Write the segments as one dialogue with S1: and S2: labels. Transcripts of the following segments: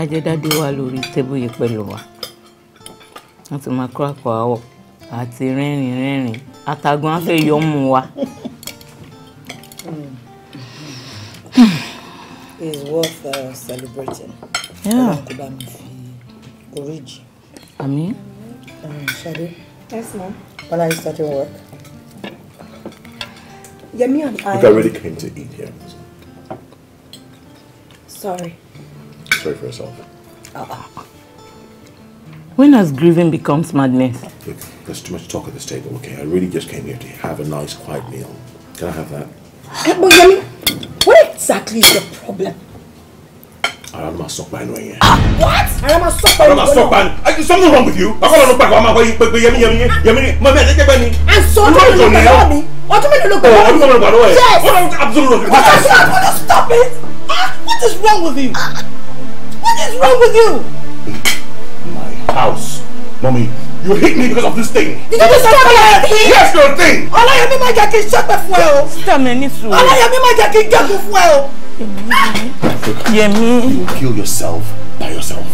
S1: bá jẹ́ dádé wà lórí tébù yìí pẹ̀lú wa wọ́n ti máa kọ́ àpò àwọ̀ àti rẹ́rìn rẹ́rìn àtàgùn afẹ́ yọ mú wa. Hmm.
S2: is worth uh, celebrating. Yeah. kò bá mi fi oríjì. àmín. Hmm, ṣadé. yes ma'am. when are you starting work. Yemi and I. Look, I
S3: came to eat here.
S4: Sorry.
S1: Sorry for yourself. Uh, uh-uh. when has grieving becomes madness? Look, there's too much talk at this table, okay? I really just
S3: came here to have a nice, quiet meal. Can I have that?
S4: Eh, but Yemi, what exactly
S2: is the problem?
S3: Arama Sokban right here. Ah,
S2: what? Arama Sokban. Arama
S3: Sokban. Is something wrong with you? I call on back. I'm away. But Yemi, Yemi, Yemi, my man, take your money. And so you to? what you mean?
S4: What you mean? Look, oh, I'm going to go away. Yes. What?
S5: Absolutely.
S3: What?
S4: Stop it. Ah, what is wrong with you? Ah, what is wrong with you?
S3: My house. Mommy, you hate me because of this thing. Did you just stop my thing? Yes,
S1: your thing. Ọlá yẹn mi máa jẹ́ kí n ṣẹ́pẹ̀ fún ẹ o. Sísá mi ní sùúrù. Ọlá yẹn mi máa jẹ́ kí n gẹ̀kú fún ẹ o. Yemi. You
S3: will kill yourself
S1: by yourself.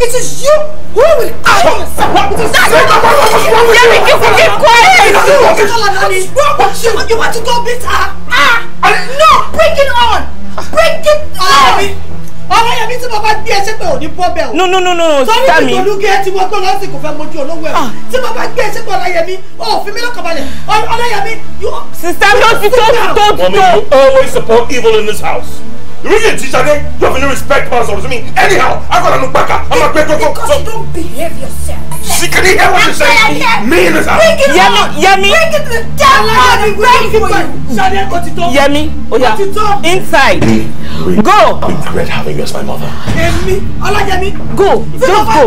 S1: It is you
S4: who will kill yourself. It is that's what I'm Yemi, you keep quiet. It is you What is wrong with you? You want to go bitter? Ah! No! Bring it on! Bring
S2: it on! mommy. ọ̀rọ̀ yẹn mi tí mo bá gbé ẹsẹ̀ pé òní bọ́ bẹ́ẹ̀ o. no no no no sísá mi. torí ìtòlú
S6: gé tí gbọ́ lọ́sìn kò fẹ́ mojú olówó ẹ̀
S4: ah. tí mo bá gbé ẹsẹ̀ pé ọláyẹmí o fi mí lọ́kàn balẹ̀ ọláyẹmí. mi ó ti tó
S3: tó tó. Mommy, you always support evil in this house. You really teach again? You have no respect for us or to me. Anyhow, I got a new backer. I'm a great
S5: Because you don't
S1: behave yourself.
S5: She could hear what you're saying. Me and his Yẹmi, Yẹmi.
S1: Yẹmi, oya, inside. Go. I regret having you as my mother. Yẹmi, Ọláyẹmi. Go, just go.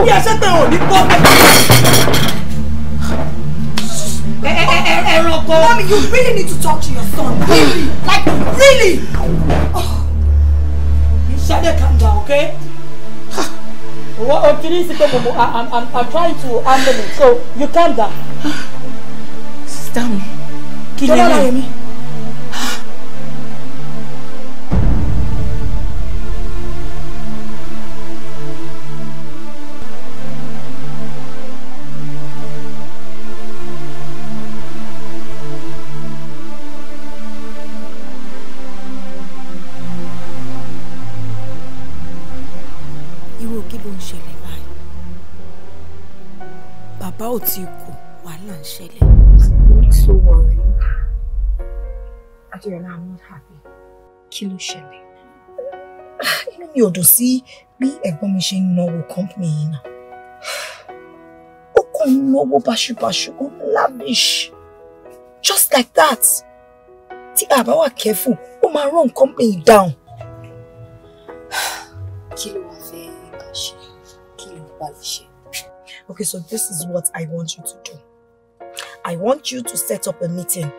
S2: Ẹranko. Mommy, you really need to talk to your son. Really. Like, really. Oh. Shade, calm down, okay? Uh, I'm, I'm, I'm trying to handle it. So you calm down.
S1: Stop me.
S2: kí lè rẹ̀ mi? ò tí kù wàhálà ń ṣẹlẹ̀. so worry Adéọlá i'm not happy kí ló ṣẹlẹ̀. inú mi ò dùn sí bí ẹ̀gbọ́n mi ṣe ń náwó company yìí náà ó kàn ń náwó báṣubàṣu ó lavish just like that tí a bá wà careful ó máa run company down. kí ló wàá fẹ́ ká ṣe kí ló bá lè ṣe okay, so this is what I want you to do. I want you to set up a meeting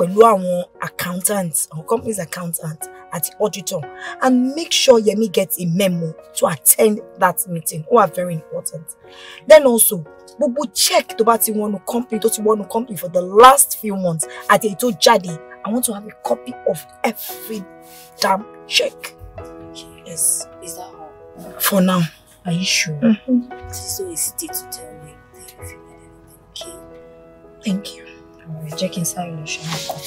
S2: pẹ̀lú àwọn accountant, àwọn company's accountant at the auditor and make sure Yemi gets a memo to attend that meeting. who are very important. Then also, gbogbo check tó bá ti wọnú company tó ti wọnú company for the last few months at èyí tó jáde, I want to have a copy of every damn check. Yes. Is that all? For now. Are you sure? Mm-hmm. Please do to tell me anything you okay? Thank you. I am check inside your shower.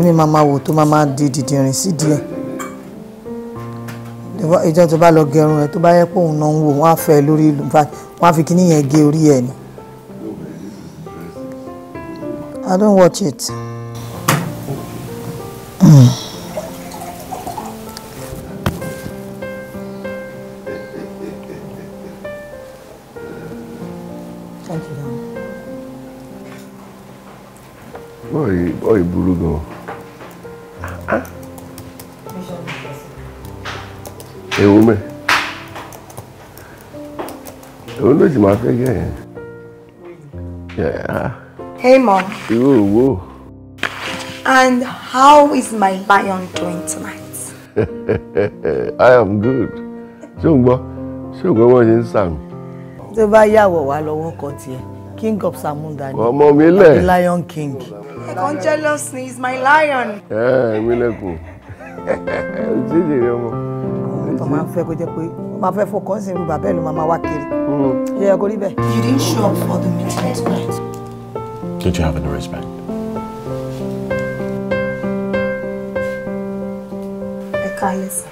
S2: lómi máa máa wò tó máa máa di dìdìrín sí díẹ̀ ìjọ tó bá lọ gẹrun ẹ tó bá yẹ pé òun náà ń wò wọn á fẹ́ lórí ìlú wọn á fi kíní yẹn gé orí ẹ ni I don't watch it.
S7: yeah. Yeah. Hey, Mom. Whoa, whoa.
S2: And how is my lion doing tonight?
S7: I am good. Ṣùgbọ́n ṣùgbọ́n what is ń sàn.
S2: Tó bá yàwọ̀ wá lọ́wọ́ kan tiẹ̀, King of Samunda Oh, Ọmọ mi The Lion King. Ẹ̀kan jealous He's my lion.
S7: Yeah, ẹ̀ mi lẹ́kùn. Ṣé ìjèrè ọmọ?
S2: Àwọn tó máa ń fẹ́ máa fẹ́ fọkàn sí bàbá ẹ̀ ló máa wá kiri. Mm. ṣe yẹ kó rí bẹ́ẹ̀. You didn't show up for the meeting tonight.
S3: Don't you have any respect?
S2: Ẹ káyé sá.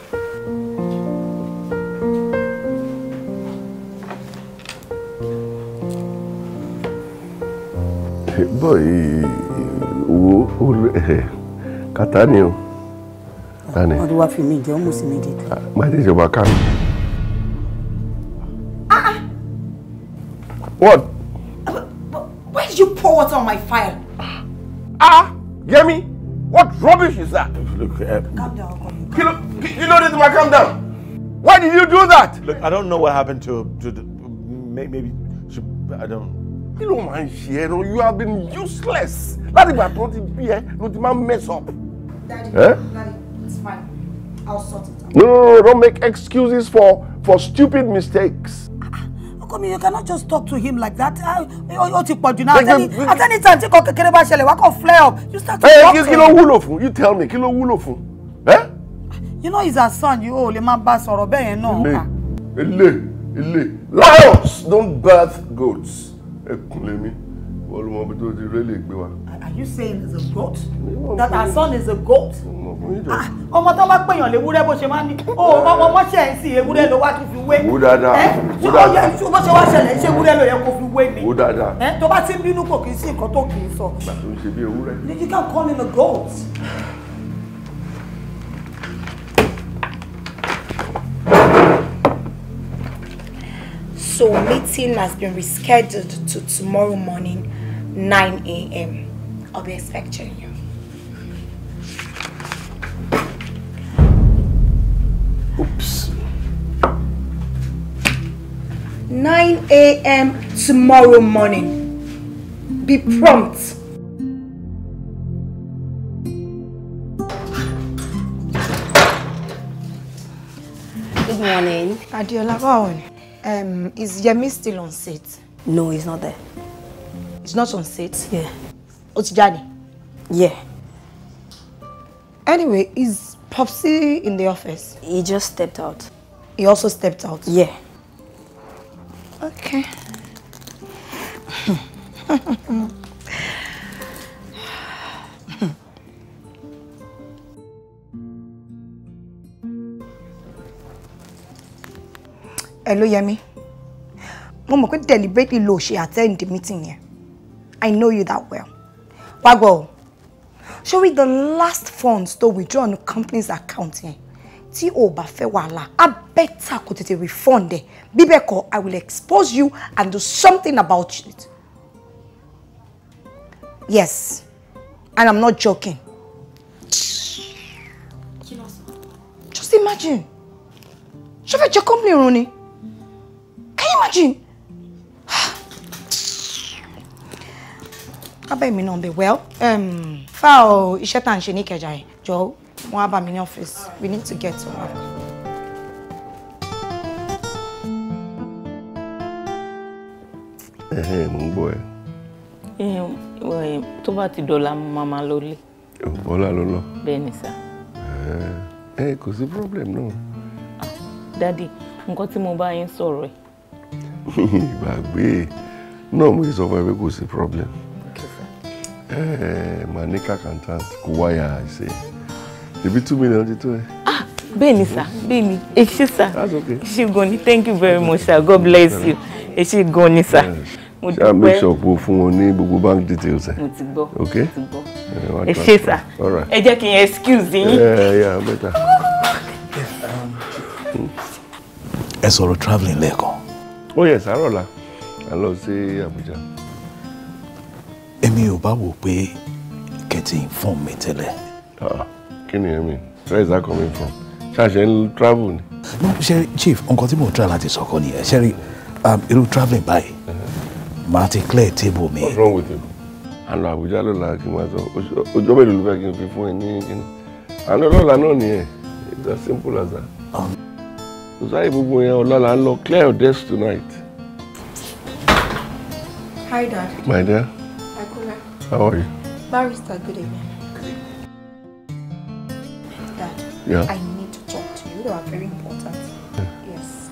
S7: bọ́ọ̀yì owó ó rẹ̀ kàtá ni o.
S2: ọdún wa fi mi jẹ́ ọmọ sí mi dìde. Ah,
S7: má tẹ̀sẹ̀ wá ká mi. What?
S2: Why did you pour water on my fire? Ah, me. what rubbish is that?
S3: Look, uh, calm down, Kilo, know this my calm down. Why did you do that? Look, I don't know what happened to, to the, maybe, she, I don't. You know, man, Shiero, you have been useless.
S7: Daddy, if I brought here, not the man mess up.
S2: Daddy, eh? Daddy, it's fine. I'll sort it
S7: out. No, no, no, don't make excuses for, for stupid mistakes.
S2: Kọ́mi, you cannot just talk to him like that. Ah, ó ti pọ̀jù náà. At any time tí kò kékeré bá ṣẹlẹ̀, wá kàn flare up. You start to eh, talk to him. Kí ló wúlò
S7: fún? You tell me, kí ló wúlò fún? Eh?
S2: You know he's her son, you ò lè máa bá sọ̀rọ̀ bẹ́ẹ̀ yẹn náà.
S7: Ilé ilé lions don't birth goats. Ẹkùn lèmi, wọ́n ló mọ ibi tó ti rélé gbé wa.
S2: Are you saying he's a goat? That our son is a goat? Ah, ọmọ tó bá pèèyàn léwúrẹ́ bó ṣe máa oh, ń ní. O ọmọ ọmọ ṣe ń sin ewúrẹ́ ló wá tún fi wé. Wú dáadáa. Ṣé ọyẹ ṣé bó ṣe wá ṣẹlẹ̀ ṣé ewúrẹ́ ló yẹ kó fi wé
S7: mi? Wú dáadáa.
S2: Tó bá ti ń bínú kò kì í sí nǹkan tó kì í sọ. Ìgbà
S7: tó ń ṣe bí ewúrẹ́. You
S2: can call him a goat. So meeting has been rescheduled to tomorrow morning, nine a.m. I'll be expecting you. Oops. 9 a.m. tomorrow morning. Be prompt. Good morning. Adiola, Um, is Yemi still on set? No, he's not there. He's not on set? Yeah. ó ti jáde. yeah anyway is popsi in the office. he just stepped out. he also stepped out. yeah. okay. Hello, Yemi. Mo mọ̀ pé deliberately lo ṣe attend the meeting yẹn. I know you that well wá Show me the last funds tó withdraw the company's account yẹn tí o bá fẹ́ wàhálà á bẹ́tà kò tètè refund Eh? bíbẹ̀ i will expose you and do something about it yes and i'm not joking just imagine Show me your company Ronnie. can you imagine. abẹ́ mi náà bẹ̀ well um, fáwọn iṣẹ́ tá à ń ṣe ní Ìkẹjà yẹn jọ wọn á bá mi ní ọ́fíìsì we need
S1: to get to work.
S7: ẹ̀hẹ́ mò ń gbọ́
S1: ẹ. tó bá ti dọ̀la mama máa máa lọlé. bọ́lá ló lọ. bẹ́ẹ̀ ni sá.
S7: ẹ kò sí problem náà.
S1: dádì nǹkan tí mo bá yín sọ̀rọ̀ ẹ̀.
S7: ìgbàgbé náà mo sọ fún ẹ pé kò sí problem. Eh, manica accountant kò wáyà àìsè ebi two million ti tó ẹ. Ah,
S1: bẹ́ẹ̀ ni sir bẹ́ẹ̀ ni ẹ sir ẹ ṣé gan ni thank you very much sir god bless you ẹ ṣé gan ni sir eh, mo dúpẹ́ ṣáà make sure
S7: pé o fún wọn ní gbogbo bank details ẹ. mo ti gbọ́ mo ti gbọ́ eh, ẹ ṣé sà ẹ jẹ́ kí n excuse yín. ẹ sọ̀rọ̀ travelling lẹ́ẹ̀kan. ó yẹ sàárọ̀ la a lọ sí Àbújá èmi ò bá wò pé kẹtì inform mi tẹ́lẹ̀. Ah, kí ni èmi where is that coming from ṣàṣẹ ń travel ni.
S3: no Sherry, chief nǹkan tí mò ń tra láti sọkọ nìyẹn ṣe rí um,
S7: irú travelling báyìí uh-huh. màá ti clear table mi. what's wrong with you? àlọ àbújá lọ́la kí n máa sọ ọjọ́ mélòó ló fẹ́ kí n fi fún ẹ ní kíni àná lọ́la náà nìyẹn it's as simple as that. ọ̀sáyé um. gbogbo yẹn ọ̀la là ń lọ clear your desk tonight.
S2: hi dad. my
S7: dear. How are you?
S2: Barrister, good evening. Dad, yeah? I need to talk to you. They are very important. Yeah. Yes.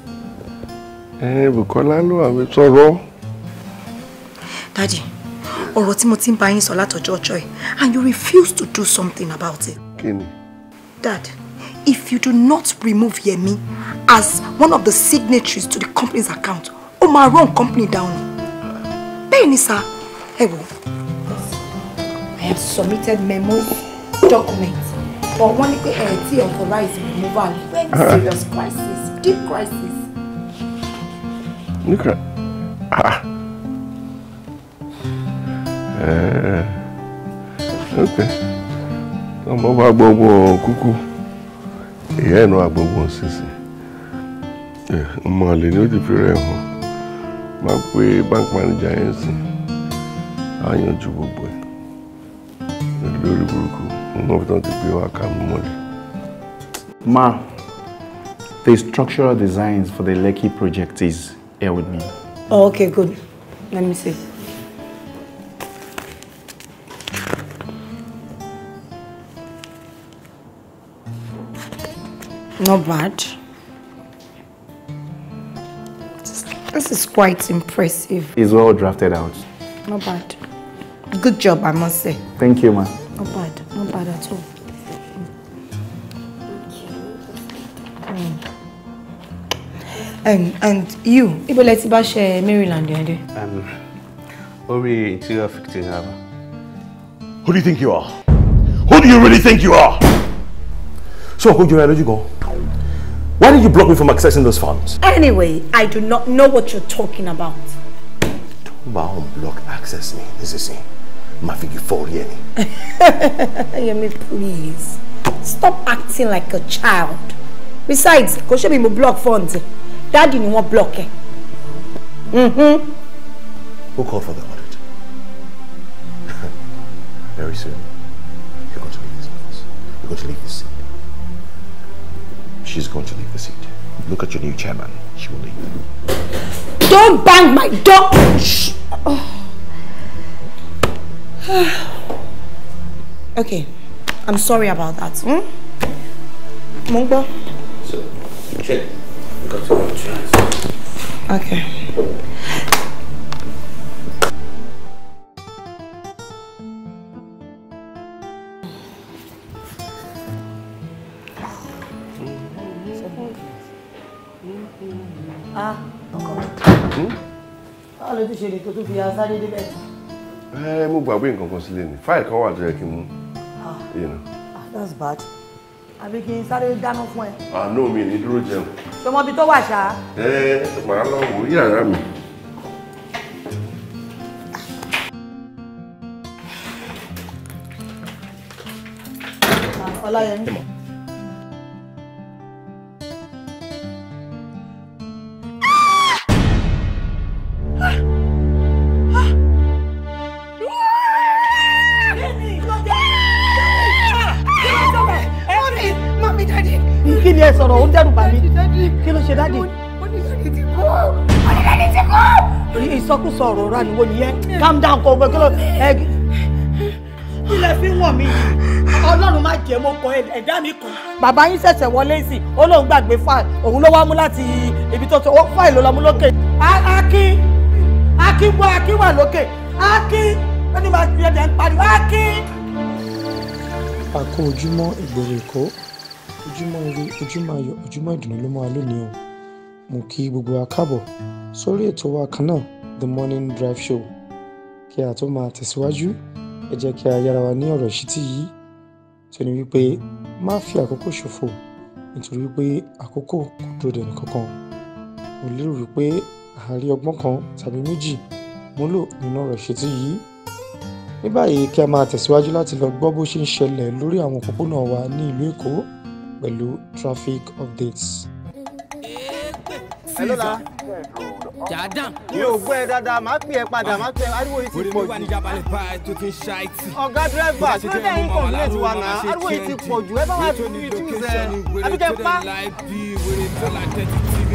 S7: Eh, Bukola ló wà mí wrong.
S2: Daddy, ọ̀rọ̀ tí mo ti ń bá yín sọ joy, ọjọ́ and you refuse to do something about it. Kí Dad, if you do not remove Yemi as one of the signatories to the company's account, ó máa run company down. Bẹ́ẹ̀ ni sá, ẹ wò. I have submitted memo documents. But one ní pé ẹ̀ tí removal very serious crisis, deep crisis.
S7: Look at ah. Uh, okay. Ọmọ bá gbogbo kúkú, ìyá ẹ̀nu àgbogbo sísìn. Ọmọ eh, àlè ni ó ti fi rẹ̀ hàn. Máa pé báńkì manager yẹn sìn, á lórí burúkú fi ti pè wá ká mọ́lẹ̀.
S6: ma the structural designs for the Lekki project is here with me.
S2: Oh, okay, good. Let me see. Not bad. This is quite impressive.
S6: It's well drafted out.
S2: Not bad. Good job, I must say. Thank you, ma'am. Not bad, not bad at all. And, and you, Ibo us bash Maryland, um, you
S1: Um, Ori Interior Ficting Harbor.
S3: Who do you think you are? Who do you really think you are? So, Kujira, where'd you go? Why did you block me from accessing those funds?
S2: Anyway, I do not know what you're talking about.
S3: Don't block access me. This is it. Mafiki for Yemi.
S2: Yemi, please. Stop acting like a child. Besides, kò ṣe bí mo block funds. Daddy ni mo block eh. mm Mm-hmm.
S3: Who called for the audit? Very soon, you're going to leave this place. You're going to leave this seat. She's going to leave the seat. Look at your new chairman. She will
S2: leave. Don't bang my door! Shh. Oh. okay, I'm sorry about that. Hmm? Mungbo?
S5: So, check. We got to go to
S2: Okay. Ah, ọkọ. Hmm? Báwo ló ti ṣe lè tó tó fi asáré débẹ̀?
S7: ẹ eh, mo gbàgbé nǹkan kan sílé ni fáìlì kan wà tó yẹ kí n mú.
S2: Ah. Ah, that's bad àbí kí n sáré dáná fún ẹ.
S7: àná ah, mi ní dúró jẹun.
S2: ṣọmọ ibi tó wà ṣá.
S7: ẹ eh, màá lọ wò yàrá mi.
S2: ọláyẹmí. ìsọkúsọ ọ̀rọ̀ ra nìwo nìyẹn calm down kọ ọgbẹ kílọ ẹ. ilẹ̀ fi wọ̀n mi ọlọ́run má jẹ́ mo kọ ẹ̀dá mi kan. bàbá yín ṣẹ̀ṣẹ̀ wọlé sí ó lóun gbàgbé fáìl òun ló wá mú láti ibi tó tó fáìl ló lọ mú lókè. akin akin wá akin wà lókè akin ó ní máa fi ẹ̀dẹ̀ ń pariwo
S6: akin. àkó ojúmọ́ ìgboro èkó ojúmọ́ ire ojúmọ́ ayọ̀ ojúmọ́ ìdùnnú ló máa lónìí o mo kí gbogbo wa káàbọ̀ sórí ètò wa kan náà The Morning Drive Show kí a tó máa tẹ̀síwájú ẹ jẹ́ kí a yára wa ní ọ̀rọ̀ ìṣítí yìí tó ní wípé má fi àkókò ṣòfò nítorí wípé àkókò kò dúró dẹni kankan mo lérò wípé àárí ọgbọ́n kan tàbí méjì múlò nínú ọ̀rọ̀ ìṣítí yìí ní báyìí kí a máa tẹ̀síwájú láti lọ gbọ́ bó ṣe ń ṣẹlẹ̀ lórí àwọn òpópónà wa ní ìlú Èkó pẹ̀lú traffic updates. Hello, jàdán. mi ò gbọ́ ẹ dáadáa máa pè ẹ padà máa pè ẹ ariwo yìí ti pọ̀ jù. orí mi wà ní jabalẹ̀ bá ẹ tó ti ṣá ẹ tì. ọ̀gá dírẹ́fà tí wọ́n dẹ́yìn kọ̀ǹpilẹ̀tì wa náà ariwo yìí ti pọ̀ jù ẹ bá wà ní ìtúsẹ̀ àbíkẹ́ pa.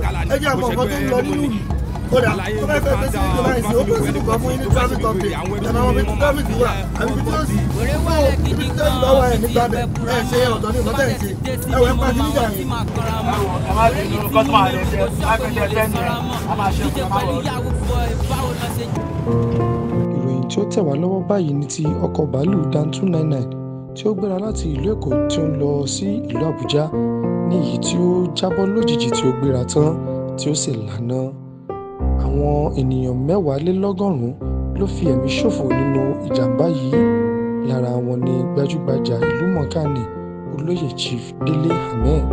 S6: ẹ jẹ́ àmọ̀ nǹkan tó ń lọ nínú yìí kódà ọba ẹgbẹ́ fẹ́ sí ìjọba ẹ̀sìn ó bẹ̀rẹ̀ sí kan fún yín ní traffic update ẹ̀ma wọn bí traffic wà àbí bí tó sì
S5: tó ibi
S7: tó ń lọ́wọ́ ẹ̀ nígbà bẹ̀ ẹ̀ ṣe ọ̀tọ̀ ní ìmọ̀tẹ́ ẹ̀ ṣe ẹ̀ wẹ̀ ń pàdé níjà
S6: yìí.
S1: ẹ má bínú kọ́tùmá rẹ̀ jẹ́ láìpẹ́lẹ́ ṣe ọ̀tọ̀ máa ìròyìn
S6: tí ó tẹ̀ wá lọ́wọ́ báyìí ni ti ọkọ̀ bàálù dan two nine nine tí ó gbéra láti ìlú Èkó tí ó ń lọ sí ìlú Àbújá ní èyí tí ó jábọ́ lójijì tí ó gbéra tán tí ó sì lanà. àwọn ènìyàn mẹ́wàálélọ́gọ́rùn-ún ló fi ẹ̀mí ṣòfò nínú ìjàmbá yìí lára wọn ní gbajúgbajà ìlúmọ̀ọ́ká nni olóyè chief délé ahmed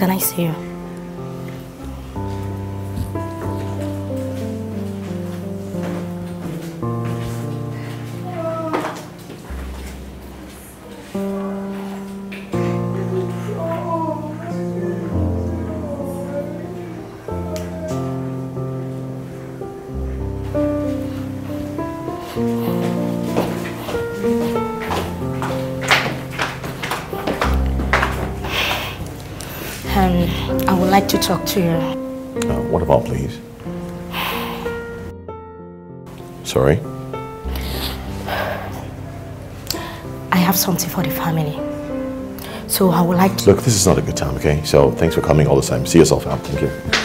S2: can I see you? talk to you. Uh,
S3: what about, please? Sorry?
S2: I have something for the family. So I would like
S3: to... Look, this is not a good time, okay? So thanks for coming all the time. See yourself out. Thank you.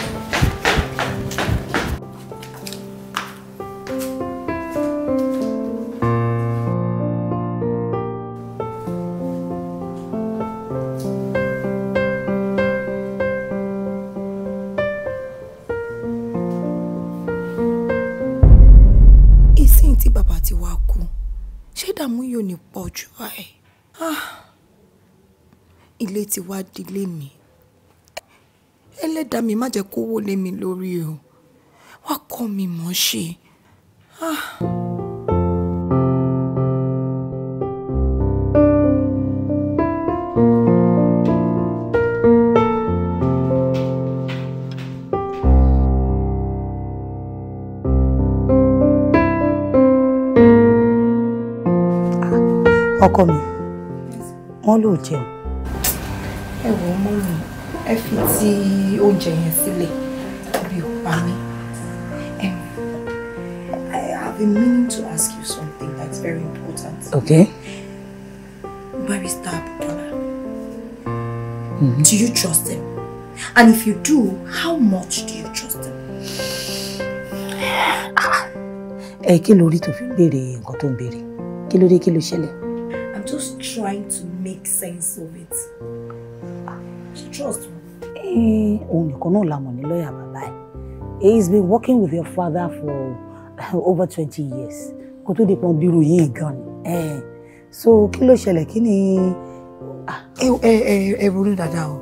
S2: ti wá dilé mi ẹlẹ́dàá mi má jẹ́ kó wó lé mi lórí o wá kọ́ mi mọ̀ ṣe. Ah. ah ọkọ mi wọn ló jẹun ẹ wò ó mú mi ẹ fi ti oúnjẹ yẹn sílẹ̀ bí ó pa mí. I been meaning to ask you something that's very important. Okay. Barrister Abukola, mm-hmm. do you trust him? And if you do, how much do you trust him? Ẹ ah, eh, kí lórí tó fi ń béèrè nǹkan tó ń béèrè? Kí No, la mọ̀ ní lọ́ọ̀yà bàbá ẹ̀ been working with your father for over twenty years kó tó di pọn bírú yìí gan ni so kí ló ṣẹlẹ̀ kí ni. ẹ ẹ ẹ ẹ ronú dáadáa o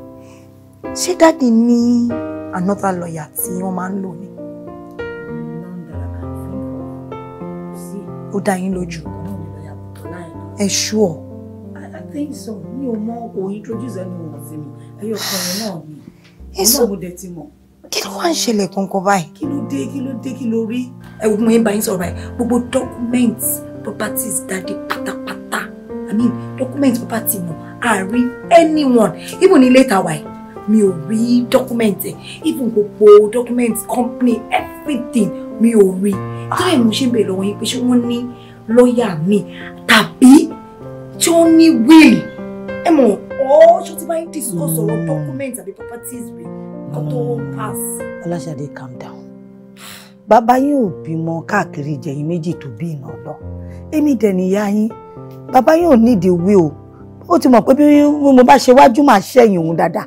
S2: ṣé dáàdi ní another lawyer tí wọ́n máa ń lò ní. ó dá yín lójú. ẹ ṣú ọ. I think so mi ò mọ kò introduce anyone sí mi ẹyọ kan náà ni èso ọlọ́run dẹ ti mọ̀. kí ló wá ń ṣẹlẹ̀ kankan báyìí. kí ló dé kí ló dé kí ló rí. ẹ wo mo yẹn bá yín sọ̀rọ̀ báyìí gbogbo documents properties dáadé pátápátá i mean documents property mọ̀ àárí anyone even ní later wáyé mi ò rí document ẹ even gbogbo document company everything mi ò rí. tó yẹ mo ṣe ń bèèrè lọ́wọ́ yín pé ṣé wọ́n ní lọ́ọ̀yà mi tàbí tí wọ́n ní will ẹ mọ̀ or ṣó ti bá yín discuss ọ̀rọ̀ mm. documents àbí properties rẹ̀ kó tó pass. Ọláṣadé calm down bàbá yín ò bímọ káàkiri ìjẹyìn méjì tó bí iná lọ èmi dẹ̀ níyá yín bàbá yín ò nídìí wí o ó ti mọ̀ pé bí mo bá ṣe wájú màá ṣẹ̀yìn òun dáadáa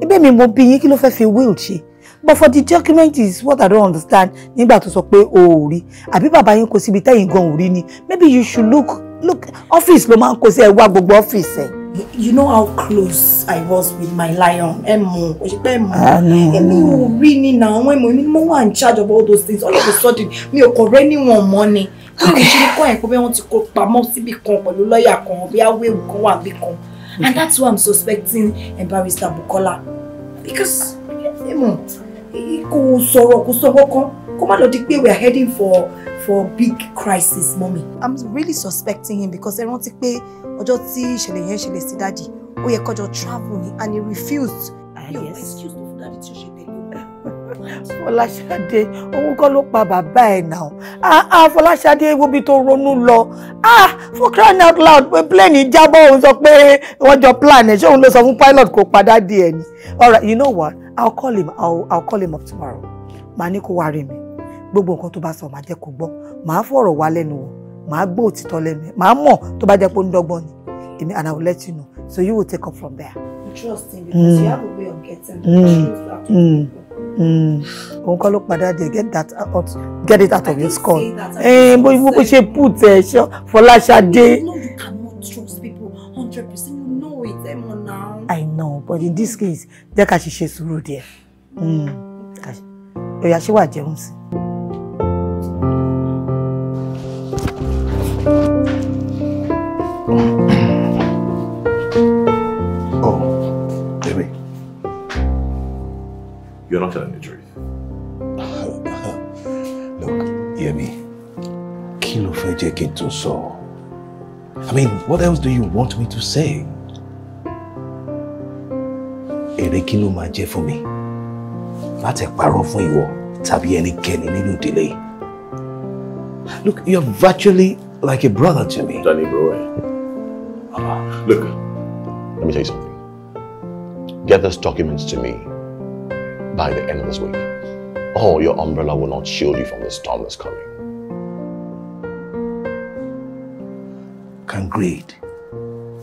S2: ibẹ̀ mi mo bí yín kí ló fẹ́ fi will ṣe but for the document is what i don't understand nígbà tó sọ pé o ò rí àbí bàbá yín kò síbi tẹ́yìn gan ò rí ni maybe you should look look office ló máa ń kó sí ẹ wá gbogbo office ẹ. Eh you know how close I was with my lion ẹmu òṣìpẹ ẹmu èmi ò rí ni na àwọn in charge of all those things all of a sudden mi ò kọ rẹ níwọn mọ ni bí mo ṣe kọ yẹn pé wọ́n ti kó pamọ́ síbi kan pẹ̀lú lọ́ọ̀yà kan bí awéwu kan wà bí kan and that's why I'm suspecting barrister Bukola because ẹmu kò sọ̀rọ̀ kò sọ kọkàn kó má lọ di pé we are heading for for big crisis mommy. i'm really suspecting him because ẹ rántí pé ọjọ́ tí ìṣẹ̀lẹ̀ yẹn ṣẹlẹ̀ sí dáàdì ó yẹ kọjọ travel ni and he refused. Ah, yes for dáàdì tí o ṣe tẹ̀lé o. fọláṣadé òun kọ́ ló pa bàbá ẹ̀ náà ah ah fọláṣadé wo tó ronú lọ ah for crying out loud pé plane jábọ́ òun sọ pé wọ́n jọ plan ẹ̀ ṣé òun ló sọ fún pilot kó padà di ni all right you know what i'll call him i'll, I'll call him up tomorrow màá ní kó wá rí mi gbogbo nǹkan tó bá sọ màá jẹ́ kó gbọ́ màá fọ̀rọ̀ wá lẹ́nu wò màá gbọ́ òtítọ́ lẹ́nu màá mọ̀ tó bá jẹ́ pé ó ń dọ́gbọ́n ni èmi and I will let you know so you will take up from there. interesting because mm. you have a way of getting the mm. truth out of mm. people. Mm. òun kọ́ ló padà dé get that out get it out of your skull ẹ̀ẹ́n eh, bó bó ṣe put ẹ̀ ṣọ́ Fọláṣadé. no you cannot trust people hundred percent you know it ẹ eh, mọ̀ náà. I know but in this case jẹ́ ká ṣiṣẹ́ sùúrù díẹ̀. Mm. ó yá ṣé wàá jẹun sí i.
S7: Oh, Demi.
S3: You're not telling the truth. Look, hear me. Kilo ló fẹ́ jẹ́ I mean, what else do you want me to say? Èrè kí ló máa jẹ́ fún mi? Láti parọ́ fún ìwọ tàbí ẹnikẹ́ni nínú ìdílé. Look, you're virtually like a brother to me. Danny Brewer. Uh, look, let me tell you something. Get those documents to me by the end of this week, or your umbrella will not shield you from the storm that's coming. Can greed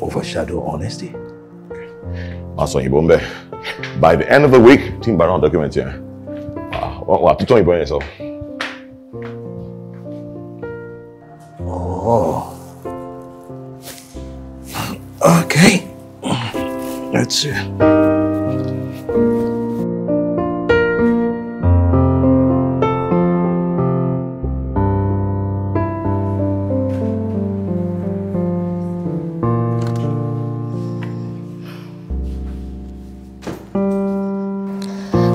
S3: overshadow honesty? Master ah, Hibombe, by the end of the week, team baron documents here. Ah, what, what, you told
S5: 事。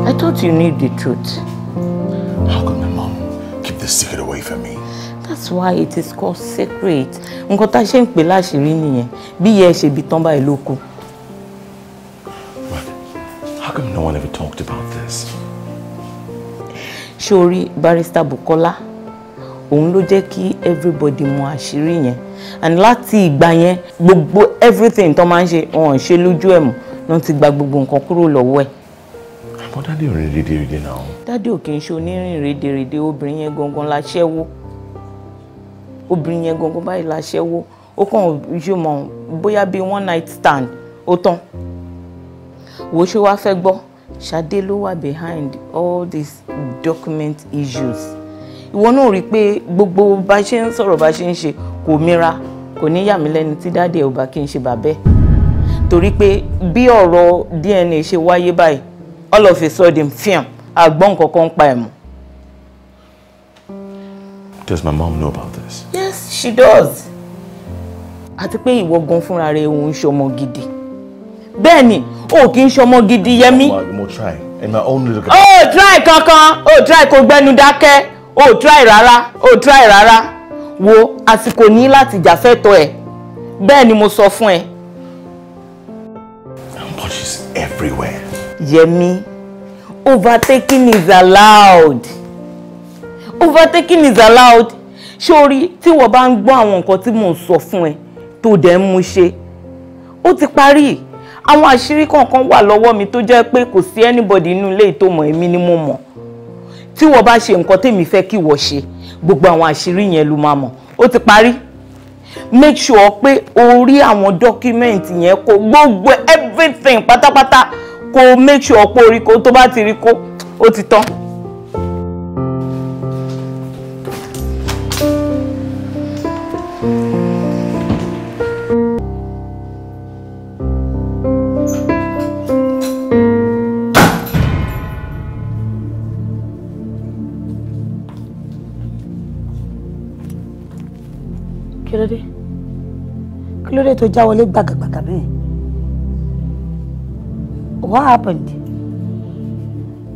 S1: I thought you knew the truth. How could my mom keep this secret away from me? That's why it is called secret. Nǹkan tá a ṣe ń pè láṣìírí nìyẹn. Bí ìyá ẹ ṣe bí
S3: talked about this.
S1: Ṣorí barrister Bukola òun ló jẹ́ kí everybody mọ àṣírí yẹn and láti ìgbà yẹn gbogbo everything tó máa ń ṣe wọn ṣe lójú ẹ̀ lo ló ti gba gbogbo nǹkan kúrò lọ́wọ́ ẹ̀. àmọ́ ready, ò rin rédèrèdè náà. dádì ò kì í ṣe onírìn rédèrèdè obìnrin yẹn gangan la ṣẹ́wó obìnrin yẹn gangan báyìí la ṣẹ́wó ó kàn yóò mọ̀ bóyá bíi one night stand ó tán wò ó ṣe wá fẹ́ Ṣadé ló wà behind all these document issues ìwọ náà rí i pé gbogbo bá ṣe ń sọ̀rọ̀ bá ṣe ń ṣe kò mira kò ní yà mí lẹ́nu tí dáàdì ẹ̀ ò bá kí n ṣe bàbẹ́ torí pé bí ọ̀rọ̀ DNA ṣe wáyé báyìí all of a sudden fiam àgbọ̀n nǹkan kan ń pa ẹ̀ mọ́.
S3: Does my mom know about this?
S1: Yes, she does. Àti pé ìwọ gan fúnra rẹ̀ òun ṣọmọ gidi bẹ́ẹ̀ ni o kì í ṣọmọ gidi yẹmi.
S3: mo try in o
S1: try kankan o try kò gbẹnu dákẹ́ o try rárá o try rárá wo àsìkò ní láti jà fẹ́tọ̀ ẹ̀ bẹ́ẹ̀ ni mo sọ fún ẹ. everywhere. yẹmi overtaking is allowed overtaking is allowed sórí tí wọ́n bá ń gbọ́ àwọn nǹkan tí mò sọ fún ẹ tó dẹ̀ ń mú ṣe ó ti parí àwọn àṣírí kọ̀ọ̀kan wà lọ́wọ́ mi tó jẹ́ pé kò sí anybody inú ilé tó mọ̀ èmi ni mo mọ̀ tí wọ́n bá ṣe nǹkan tèmi fẹ́ kí wọ́n ṣe gbogbo àwọn àṣírí yẹn ló máa mọ̀ ó ti parí make sure pé o rí àwọn dọ́kímẹ́ǹtì yẹn kó gbogbo everything pátápátá kó make sure pé o rí kó tó bá ti rí kó ó ti tán.
S2: lórí tó já wọlé gbàgàgbàgà bẹ́ẹ̀ what happened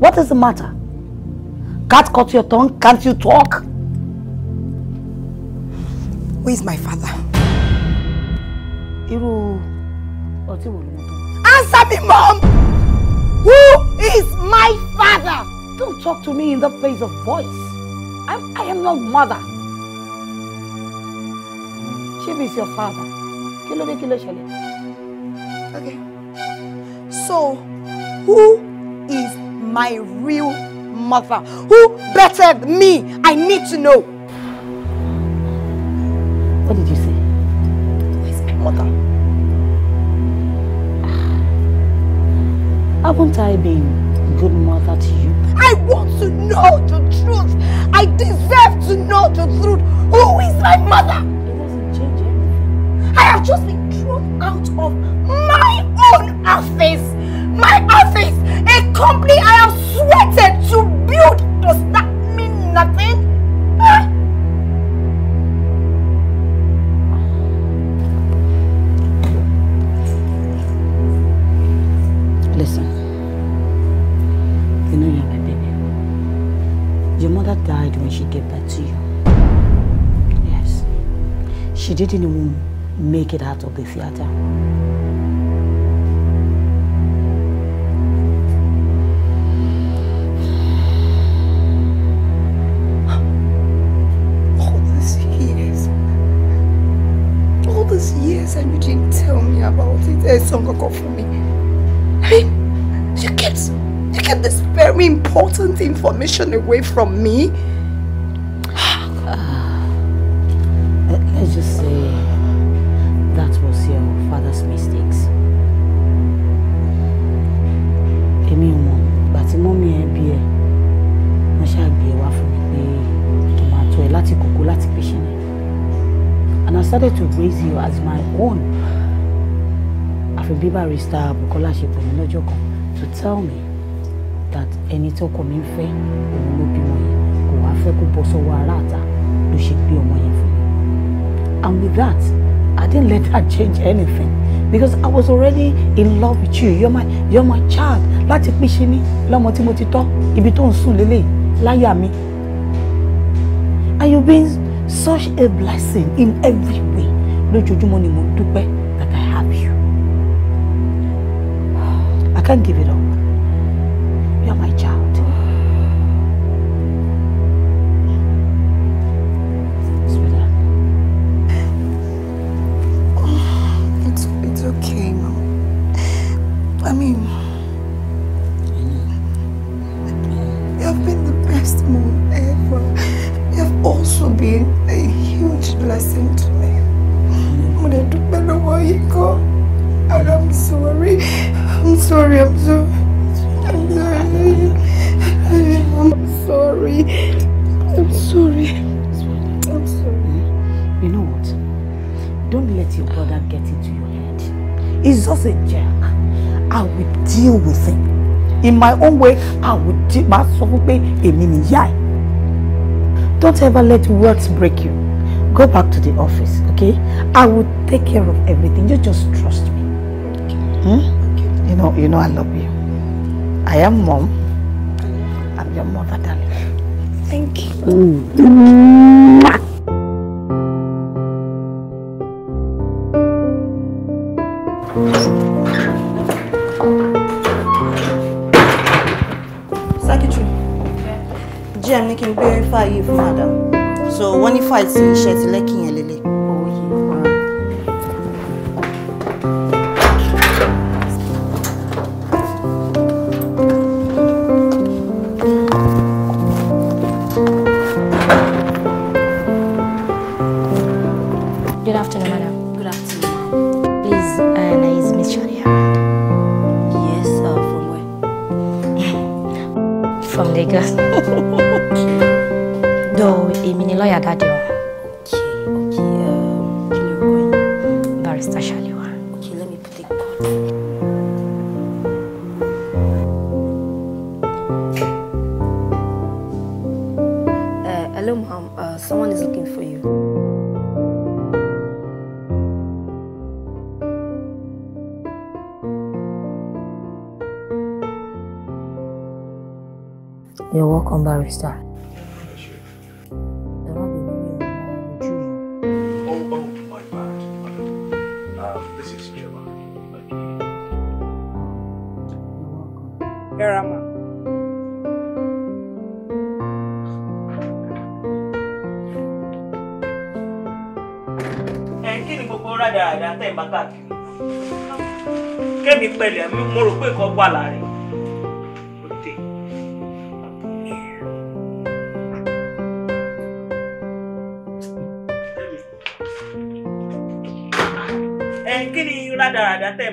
S2: what is the matter can't cut your tongue can't you talk. Who is my father. irú
S1: ọtí wo ló mọ tó.
S2: answer me mom who is my father. don't talk to me in that place of voice I'm, I am not mother. Jim is your father. kí ló dé kí okay so who is my real mother who bettered me i need to know. what did you say. who is my mother. haven't i been good mother to you. I
S4: want to know the truth. I deserve to know the truth. Who is my mother? I have
S2: just been thrown out of my own office. My office, a company I have sweated to build. Does that mean nothing? Huh? Your mother died when she gave birth to you. Yes. She did in the womb make it
S1: out of the theater.
S2: All these years, all these years, and you didn't tell me about it. There's some go for me. I mean, you kept, you kept this very important information away from me. barrister Bukola ṣe pè mí lọ́jọ́ kan to tell me that ẹni tí ọkọ mi ń fẹ́ òun ló bímọ yẹn kò wá fẹ́ kó bọ́ sọ́wọ́ aráàta
S1: ló ṣe gbé ọmọ yẹn fún
S2: mi and with that I didn't let that change anything because I was already in love with you you're my you're my child láti pínṣin ní lọ́mọ tí mo ti tọ́ ibi tó ń sùn lélẹ̀ láyà mi and you been such a blessing in every way lójoojúmọ́ ni mo dúpẹ́. can't give it up. in my own way i will do my sọ fún pé èmi nìyá ẹ̀ don't ever let words break you go back to the office okay i will take care of everything you just trust me Hmm? you know you know i love you i am mom i'm your mother darling thank you. Mm.
S5: Thank you.
S2: fààyè fún madam so when ní fàìsì iṣẹ́ ti lẹ́kìn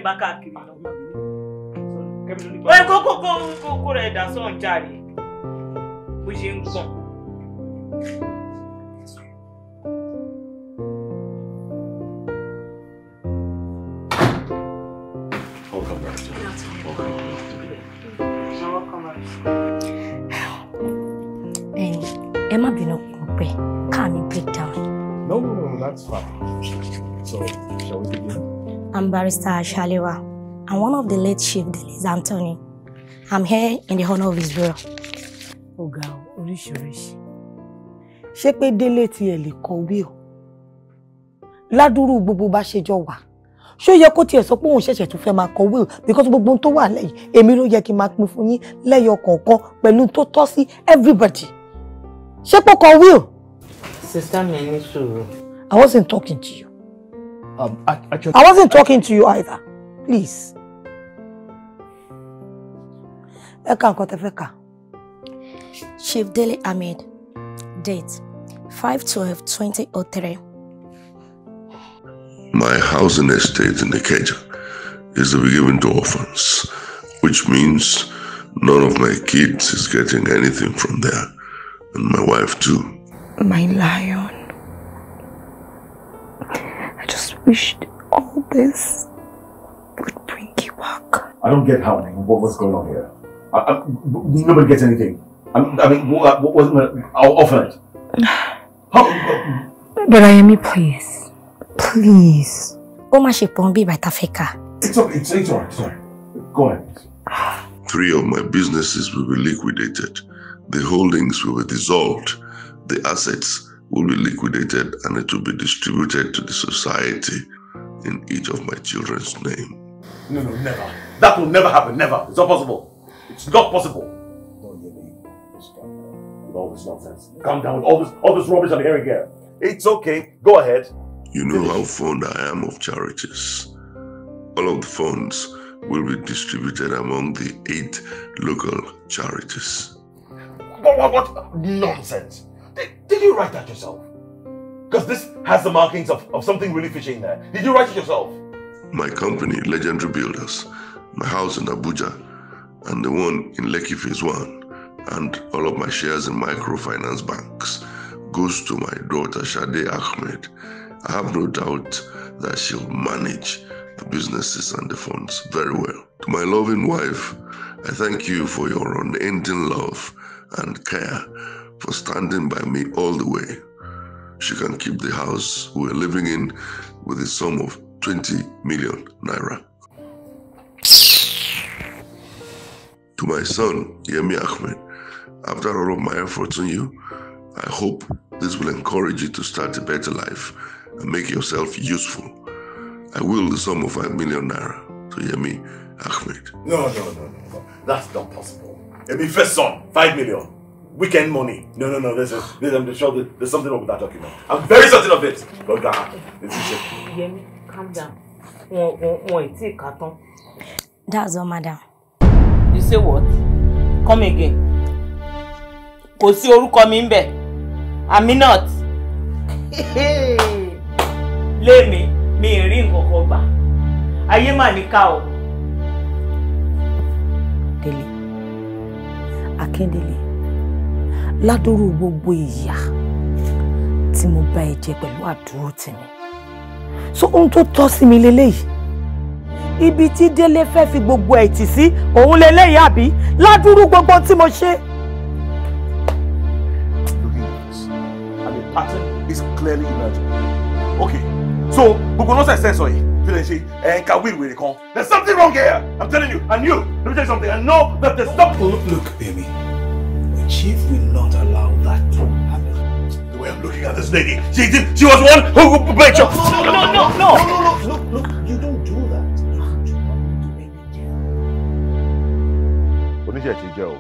S1: bá káàkiri lọ́mọ mi. ó yẹ kó kó kó kó rẹ̀ dà sọ̀n jàre bó ṣe ń gbọ̀n.
S2: ẹ má bínú pé káà ní breakdown. no no no that's fine so shall we begin. I'm Barrister Ashalewa. I'm one of the late Chief Denise Anthony. I'm here in the honor of Israel. Ọ̀gá oríṣiríṣi. Ṣé pé Délé ti ẹ̀ lè kọ̀wé o? Ládùúrú gbogbo bá ṣe jọ wà. Ṣé ó yẹ kó tiẹ̀ sọ pé òun ṣẹ̀ṣẹ̀ tún fẹ́ máa kọ̀wé o? Because gbogbo ohun tó wà lẹ́yìn, èmi ló yẹ kí n máa pín fún yín lẹ́yọ kọ̀ọ̀kan pẹ̀lú to tọ́ everybody. Ṣé pé kọ̀wé o?
S1: Sista mi ní sùúrù.
S2: I wasn't talking to you.
S1: Um, I, I, just, I
S2: wasn't talking to you either. Please. Eka nǹkan Chief Dele Ahmed, date 5-12-2003.
S7: My housing estate in Ikeja is to be given to orphans, which means none of my kids is getting anything from there, and my wife too.
S2: My lion. I just wished
S5: all this would
S3: bring you back. I don't get how, what, what's going on here? I, I, nobody gets anything. I, I mean, what, what wasn't it? I'll offer it.
S2: how? But I am you, please. Please. Ó má bí bàtà It's okay, it's, it's alright, sorry.
S7: Go ahead. Three of my businesses will be liquidated. The holdings will be dissolved. The assets will be liquidated and it will be distributed to the society in each of my children's name.
S3: No, no, never. That will never happen, never. It's not possible. It's not possible.
S7: With all this nonsense.
S3: Calm down with all this, all this rubbish I'm hearing here. It's okay. Go ahead.
S7: You know how fond I am of charities. All of the funds will be distributed among the eight local charities.
S3: What, what, what? Nonsense. Did, did you write that yourself? Because this has the markings of, of something really fishy in there. Did you write it yourself?
S7: My company, Legendary Builders, my house in Abuja, and the one in Lekki Phase 1, and all of my shares in microfinance banks goes to my daughter Shade Ahmed. I have no doubt that she'll manage the businesses and the funds very well. To my loving wife, I thank you for your unending love and care for standing by me all the way. She can keep the house we're living in with a sum of 20 million naira. To my son, Yemi Ahmed, after all of my efforts on you, I hope this will encourage you to start a better life and make yourself useful. I will the sum of 5 million naira to Yemi Ahmed.
S3: No, no, no, no, no. That's not possible. Yemi, first son, 5 million. weekend money. No, no, no. There's, a, there's, I'm sure there's something wrong with that document. I'm very certain of it. But God, this is
S1: it. Yemi, calm down. That's all, madam. You say what? Come again. Kò sí orúkọ mi ńbẹ̀. Aminat. Lemi, mi Me nǹkan kan gbà. Ayé mà ní ká o.
S2: Délé. Akíndélé ládùúrú gbogbo ìyà tí mo bá ẹ jẹ pẹ̀lú àdúró tèmi so ohun tó tọ́ sí mi
S1: leléyìí ibi tí délé fẹ́ fi gbogbo ẹ̀ tì sí òun leléyìí àbí ládùúrú gbogbo tí mo ṣe.
S3: the pattern is clearly emerging okay so gbogbo nonsense sensor yìí feeling she and Kawil will come. There's something wrong here. I'm telling you. And you, let me tell you something. I know that there's something. Look, look, baby. The chief will not at this lady. She, she was one who made you. No, no, no, no, no, no, no, no.
S6: You don't do that. You don't do
S3: it, girl. Oníṣẹ́ ti jẹ́ o.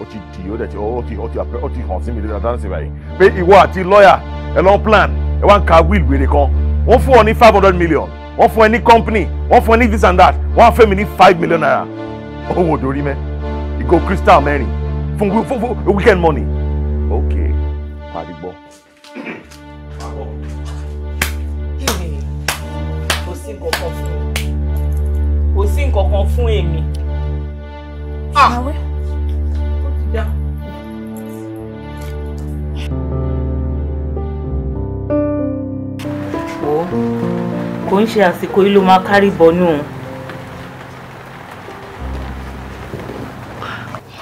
S3: O ti di o dẹ̀ ti o ti o ti apẹ o ti hàn sí mi lórí àdáńsì báyìí. Pé ìwọ àti lọ́ọ̀yà ẹ lọ plan ẹ wá ń ka will wèrè kan. Wọ́n fún ọ ní five hundred million. Wọ́n fún ẹ ní company. Wọ́n fún ẹ ní this and that. Wọ́n á fẹ́ mi ní five million naira. Owó òdòrí mẹ́. Ìgò crystal mẹ́rin. Fún weekend money. Okay, parigbọ́
S7: kò
S1: sí nǹkan kan fún èmi. Ah! kò ń ṣe àsìkò yìí ló máa kárí bọnú.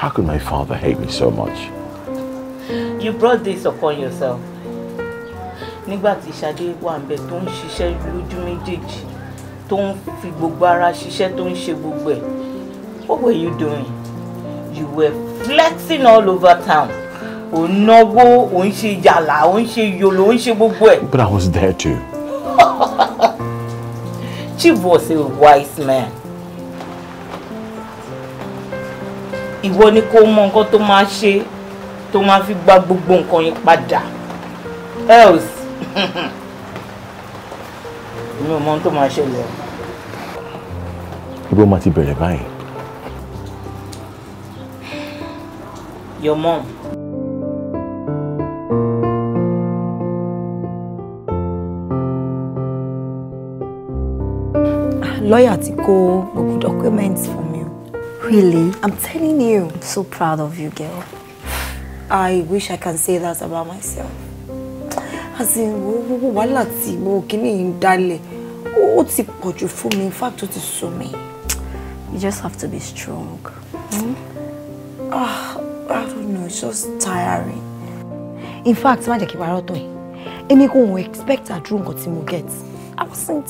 S3: How could my father hate me so much?
S1: You brought this upon yourself nígbà tí Ṣadé wà ń bẹ tó ń ṣiṣẹ́ lójú méjèèjì tó ń fi gbogbo ara ṣiṣẹ́ tó ń ṣe gbogbo ẹ̀ what were you doing you were flexing all over town ò ń náwó ò ń ṣe yàlà ò ń ṣe yòlò ò ń ṣe gbogbo ẹ̀.
S3: but I was there too.
S1: Chief was a wise man. ìwọ ni kó mọ nǹkan tó máa ṣe tó máa fi gba gbogbo nǹkan yẹn padà else mi ò mọ tó máa ṣẹlẹ̀.
S3: ibo máa ti bẹ̀rẹ̀ báyìí.
S1: your mom.
S2: lawyer ti kó gbogbo documents fún mi. Really? I'm telling you, I'm so proud of you, girl. I wish I can say that about myself àsìwò gbogbo wàhálà tí mo kíní ń dalẹ̀ ó ti pọ̀ jù fún mi in fact ó ti sùn mí. you just have to be strong. Hmm? Ah, I don't know, it's just tiring. In fact, má jẹ́ kí n parọ́ tán yìí. Èmi kò wọ́n expect àdúró nǹkan tí mo get. I wasn't.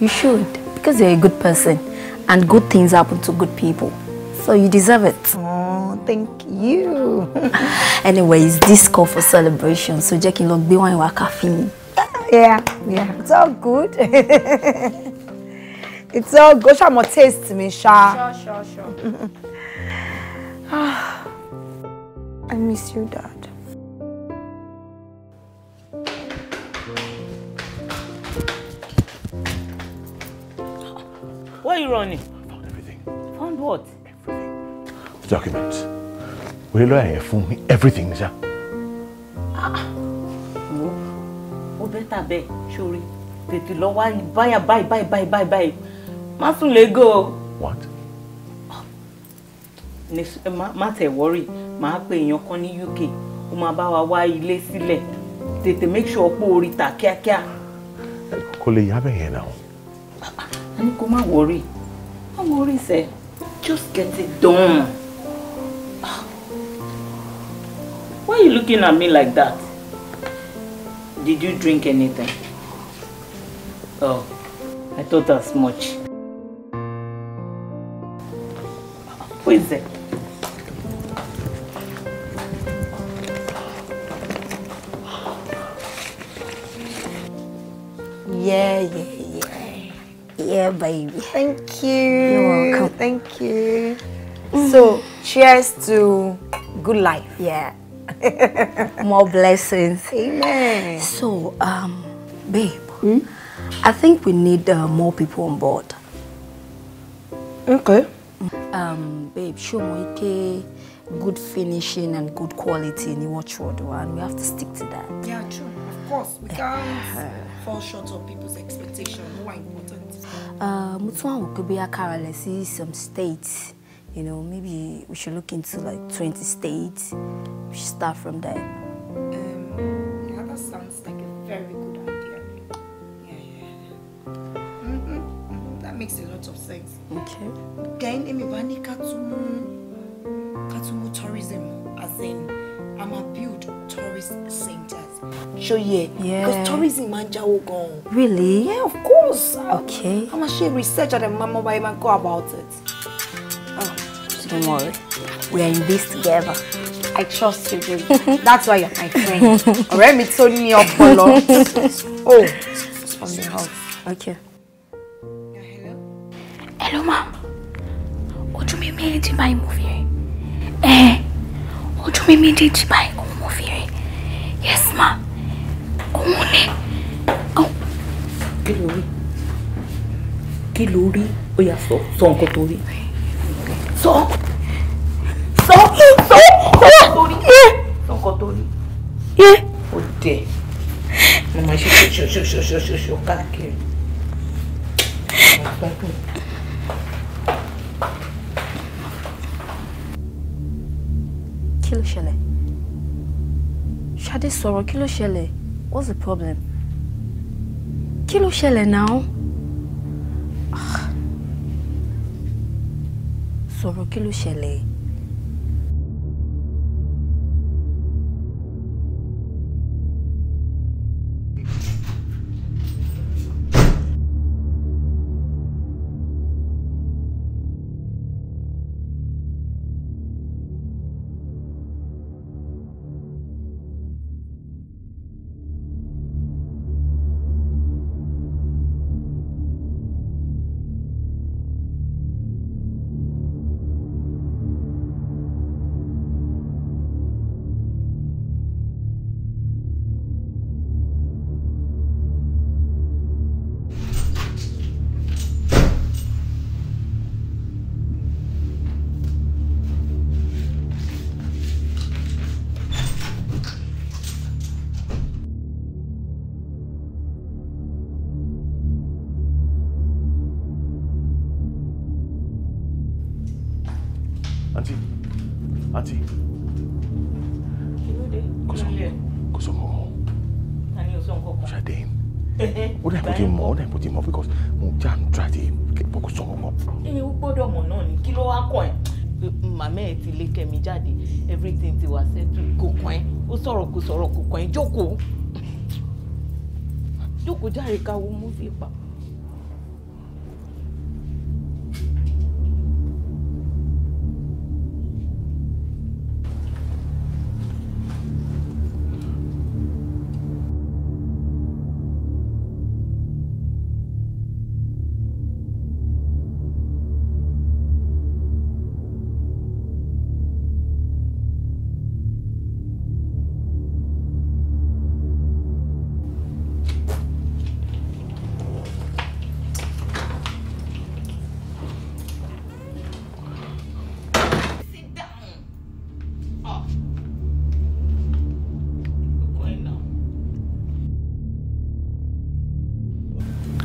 S2: You should because you're a good person and good things happen to good people. So you deserve it. Mm thank you. anyways this call for celebration so Jackie, kí be one gbé wine wá yeah yeah it's all good. it's all good more taste me, ṣá. sure sure sure. I miss you dad.
S1: Where are you running? I found everything. Found what?
S3: the documents orí lọ́ọ̀yà yẹn fún mi everything ṣá.
S1: Ah. ó bẹ́tà bẹ́ẹ̀ sórí tètè the wá báyà buy, báyìí buy, buy, buy. má sùn lẹ́gọ̀ o. what. má tẹ̀ worry. máa pay èèyàn kan ní UK ó máa bá wa wá ilé sílẹ̀ make sure pé orí care. kíákíá.
S3: kò lè yá bẹ́ẹ̀ yẹn náà. Ah,
S1: ah. a ní kó má wọ́rì má wọ́rì sẹ́ just get it done. looking at me like that? Did you drink anything? Oh, I thought as much. Who is it?
S2: Yeah, yeah, yeah. Yeah, baby. Thank you. You're welcome. Thank you. So, cheers to good life. Yeah. more blessings. Amen. So, um, babe, hmm? I think we need uh, more people on board. Okay. Um, babe, show me good finishing and good quality in what you do, and we have to stick to that. Yeah, true. Of course, we can't fall short of people's expectations. More important. Uh, Mutuan will be a careless some states. You know, maybe we should look into like 20 states. We should start from there. Um, yeah, that sounds like a very good idea. Yeah, yeah. Mm -hmm, That makes a lot of sense. Okay. Then, Emivani Katumu, Katumu Tourism, as in, I'm a build tourist centers. Sure, yeah. Yeah. Because tourism man jawo go. Really? Yeah, of course. Okay. I'm a share research and mama mobile man go about it. Don't worry. We are in this together. I trust you, baby. That's why you're my friend. Alright, Ọ̀rẹ́ mi tó ní ọpọlọ. Oh, from the house. Okay. hello. Hello, ma'am. Ojú mi méjèèjì báyìí mo fi rìn. Ẹ eh, ojú mi méjèèjì báyìí òun mo fi Yes, ma'am. Oh.
S1: Oh. Kí ló rí? Kí ló rí? Ó yá sọ sọ sọ sọ sọ torí sọkọ torí ó dẹ mo máa ṣe ṣoṣoṣoṣoṣo káàkiri mo gbádùn.
S2: kí ló ṣẹlẹ̀ Ṣadé sọ̀rọ̀ kí ló ṣẹlẹ̀ what's the problem kí ló ṣẹlẹ̀ náà. ọ̀rọ̀ kí ló ṣẹlẹ̀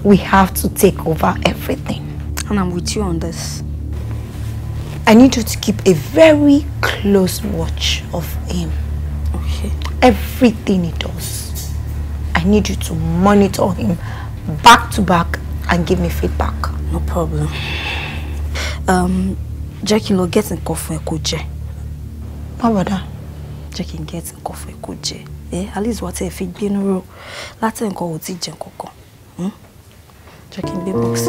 S2: we have to take over everything. And I'm with you on this. I need you to keep a very close watch of him. Okay. Everything he does. I need you to monitor him back to back and give me feedback. No problem. Um, Jackie, look, get in coffee, ẹ kó jẹ. Má bàdá. Jẹ́ kí in get nǹkan fún ẹ kó jẹ. Ẹ Alice wa tẹ̀ fi gbénú rò látẹ̀ nǹkan ò checking the books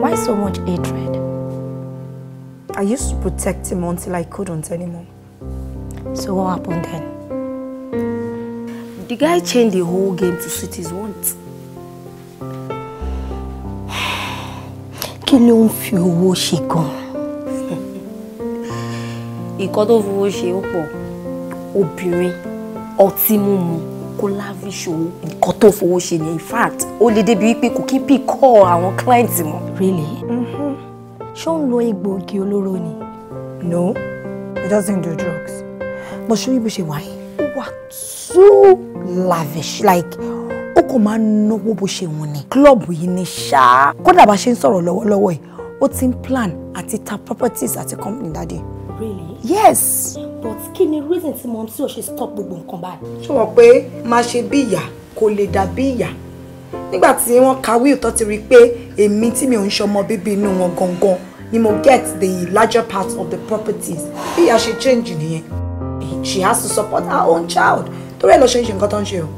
S2: Why so much hatred? I used to protect him until I couldn't anymore. So what happened then? The guy changed the whole game to suit his wants. Kí ló ń fi nǹkan tó fowó ṣe ó pọ̀ obìnrin ọtí mímu kó lavish owó nǹkan tó fowó ṣe ni in fact ó lè débi wípé kò kí n bí kọ́ àwọn client mọ́. really mm-hmm. ṣé ó ń lo egbòogi olóró ni. no he doesn't do drugs but ṣé ibi ṣe wáyé ó wà too lavish like ó kò máa ń náwó bó ṣe wù ní. klọ́ọ̀bù yìí ni ṣáá kódà bá ṣe ń sọ̀rọ̀ lọ́wọ́lọ́wọ́ yìí ó ti ń plan àti ta properties àti company dáadé. really yes. but kí ni reason tí mọ̀ tí o ṣe stop gbogbo nǹkan báyìí. ṣé wọ́n pé máa ṣe bí ìyá kò lè dà bí ìyá nígbà tí wọ́n ka wíìlì tó ti rí i pé èmi tí mi ò ń ṣọmọ bíbí inú wọn gangan ni mo get the larger part of the properties bí ìyá ṣe change nìyẹn she has to support her own child torí ẹ̀ lọ ṣe ń ṣe nǹkan tó ń ṣe o.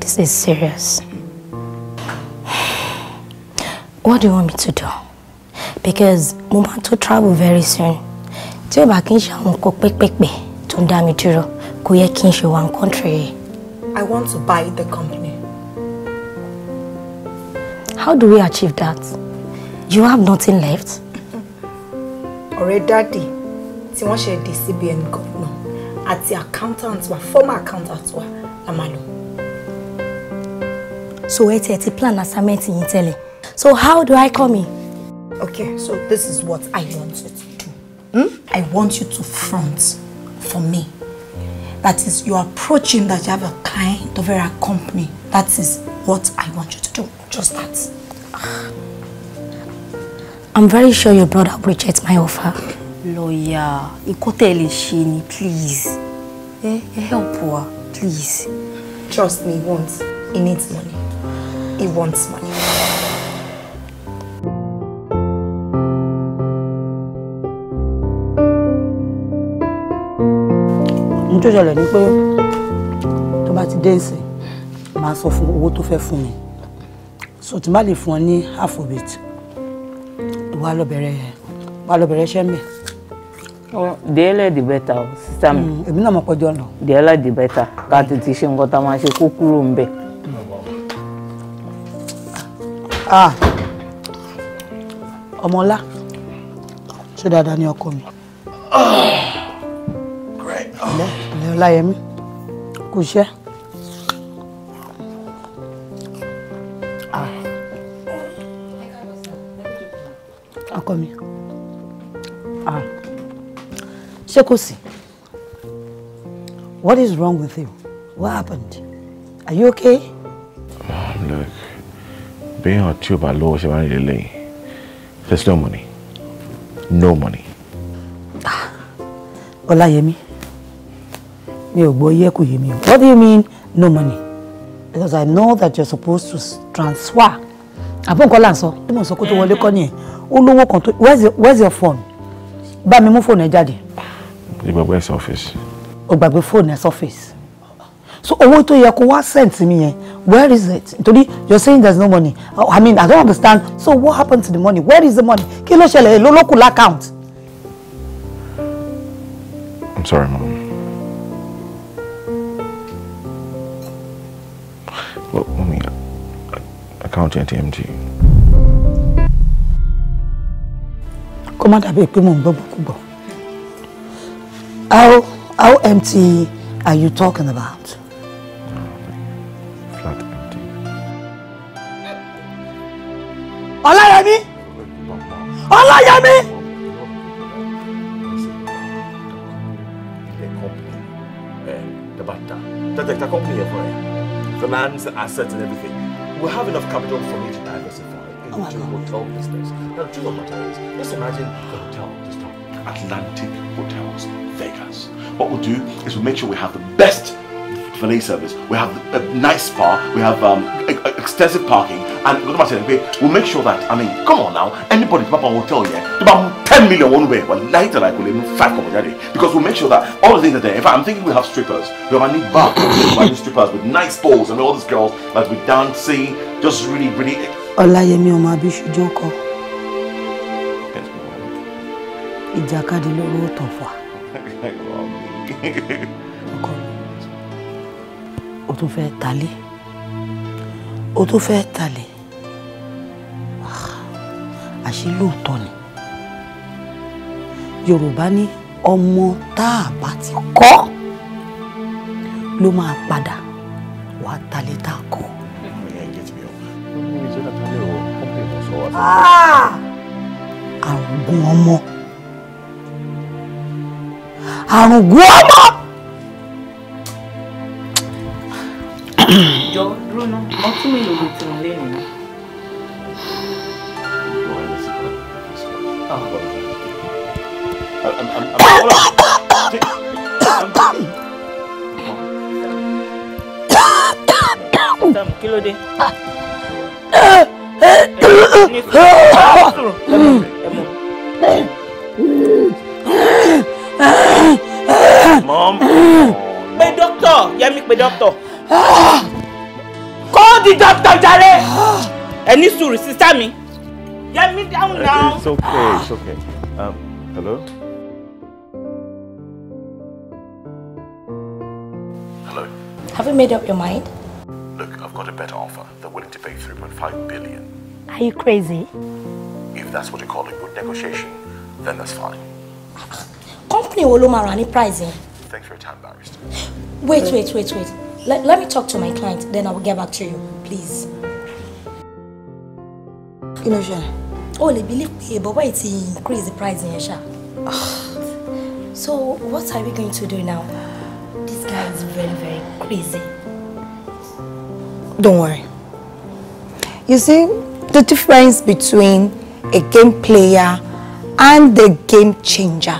S2: This is serious. What do you want me to do? because mo máa tó travel very soon tí ò bá kí n ṣe àwọn nǹkan to tó ń dá mi dúró kò yẹ kí n one country. I want to buy the company. How do we achieve that? You have nothing left. ọ̀rẹ́ dáàdì tí wọ́n ṣe di CBN governor àti accountant wa former accountant wa la máa lò. so ẹ tiẹ̀ ti plan assignment yìí tẹ́lẹ̀ so how do I come in? Okay, so this is what I want you to do. Hmm? I want you to front for me. That is, you're approaching that you have a client of a company. That is what I want you to do. Just that. Ah. I'm very sure your brother will reject my offer. Lawyer, nǹkan tẹ́ please. Eh, eh, help her, please. Trust me, he wants. He needs money. He wants money. tó ṣẹlẹ̀ ni pé tó bá ti dé ìsìn máa sọ fún owó tó fẹ́ fún mi so tí má lè fún ọ ní
S1: half of it
S2: wà lọ bẹ̀rẹ̀ wà lọ bẹ̀rẹ̀ iṣẹ́ ń bẹ̀.
S1: the earlier the better o sista mi. Mm, èmi náà mo pọjọ lọ. the earlier the better ká tètè ṣe nǹkan tá a máa ṣe kó kúrò ń bẹ̀. Ah,
S2: ọmọlá ṣé dáadáa ni ọkọ mi. Ah, great. Oh. Ọláyẹmí kò ṣẹ́. Ah. ọkọ mi ah. ṣé kò sí what is wrong with you what happened are you okay. Mom,
S3: ah, look béèyàn tí ò bá lówó ṣe máa ń lélẹ̀ yìí there's no money no money.
S2: Ọláyẹmí. Ah mi ò gbọ́ yẹ kò mi o what do you mean no money because i know that you're supposed to transfer àbọ̀nkọ́ là ń sọ tí mo sọ kó tó wọlé kọ́ nìyẹn ó kan tó where's your, where's your phone bá mi mú fóònù ẹ jáde.
S3: ìgbàgbọ́ ẹ̀ sọ́fíìsì.
S2: o gbàgbé fóònù ẹ sọ́fíìsì so owó tó yẹ kó wá send mi yẹn where is it nítorí you're saying there's no money i mean i don't understand so what happened to the money where is the money kí ló ṣẹlẹ̀ ló lókun l'account.
S7: i'm sorry mama.
S3: account yẹn ti
S6: kó má dàbí pé mò ń gbọ́ gbọ́kúgbọ́
S2: how how empty are you talking about. flat empty.
S5: ọláyẹmí ọláyẹmí.
S3: Eh, the batter. Finance, assets, and everything. we have enough capital for me to diversify into oh, hotel business. Now, do you know what it is? Let's imagine the hotel this time. Atlantic Hotels Vegas. What we'll do is we'll make sure we have the best valet service. We have a nice spa. We have um, extensive parking. And we'll make sure that, I mean, come on now, anybody to buy a hotel here, yeah? five million one way, wà láìtà I kò lè mú five kọ̀ọ̀kan jáde because we make sure that all the things that there in fact I'm thinking we have strippers we have a new bar we have strippers with nice poles and all these girls like we dancing just really really.
S2: Ọláyẹmí ọmọ Abíṣújọ́ kọ ìjàkadì lóró tọ̀fà
S7: ọkọ
S2: o tún fẹ́ talé o tún fẹ́ talé ah, àṣé lóòótọ́ ni yorùbá ní ọmọ tá a bá ti kọ́ ló máa padà wàá talẹ̀ tá a kọ́. Ah! àrùngún ọmọ àrùngún ọmọ.
S1: jọ rúnà ọtún mélòó ló ti rán lẹ́nu. I'm, I'm, I'm, hold on. Sam, Mom. Pe doctor, Yẹmi pe doctor. Call the doctor jàre. Ẹ sister mi. Yẹmi down now. It's okay, it's
S3: okay. Um, hello?
S1: Have
S2: you made up your mind?
S3: Look, I've got a better offer. They're willing to pay 3.5 billion.
S2: Are you crazy?
S3: If that's what you call a good negotiation, then that's fine.
S2: Company wo pricing. Thanks for your time, barrister. Wait, wait, wait, wait. Let, let me talk to my client, then I will get back to you, please. You know, Sean. Oh, they believe me, but why it's increase the price in Yesha? Ah. So, what are we going to do now? This guy is very, very crazy. Don't worry. You see, the difference between a game player and the game changer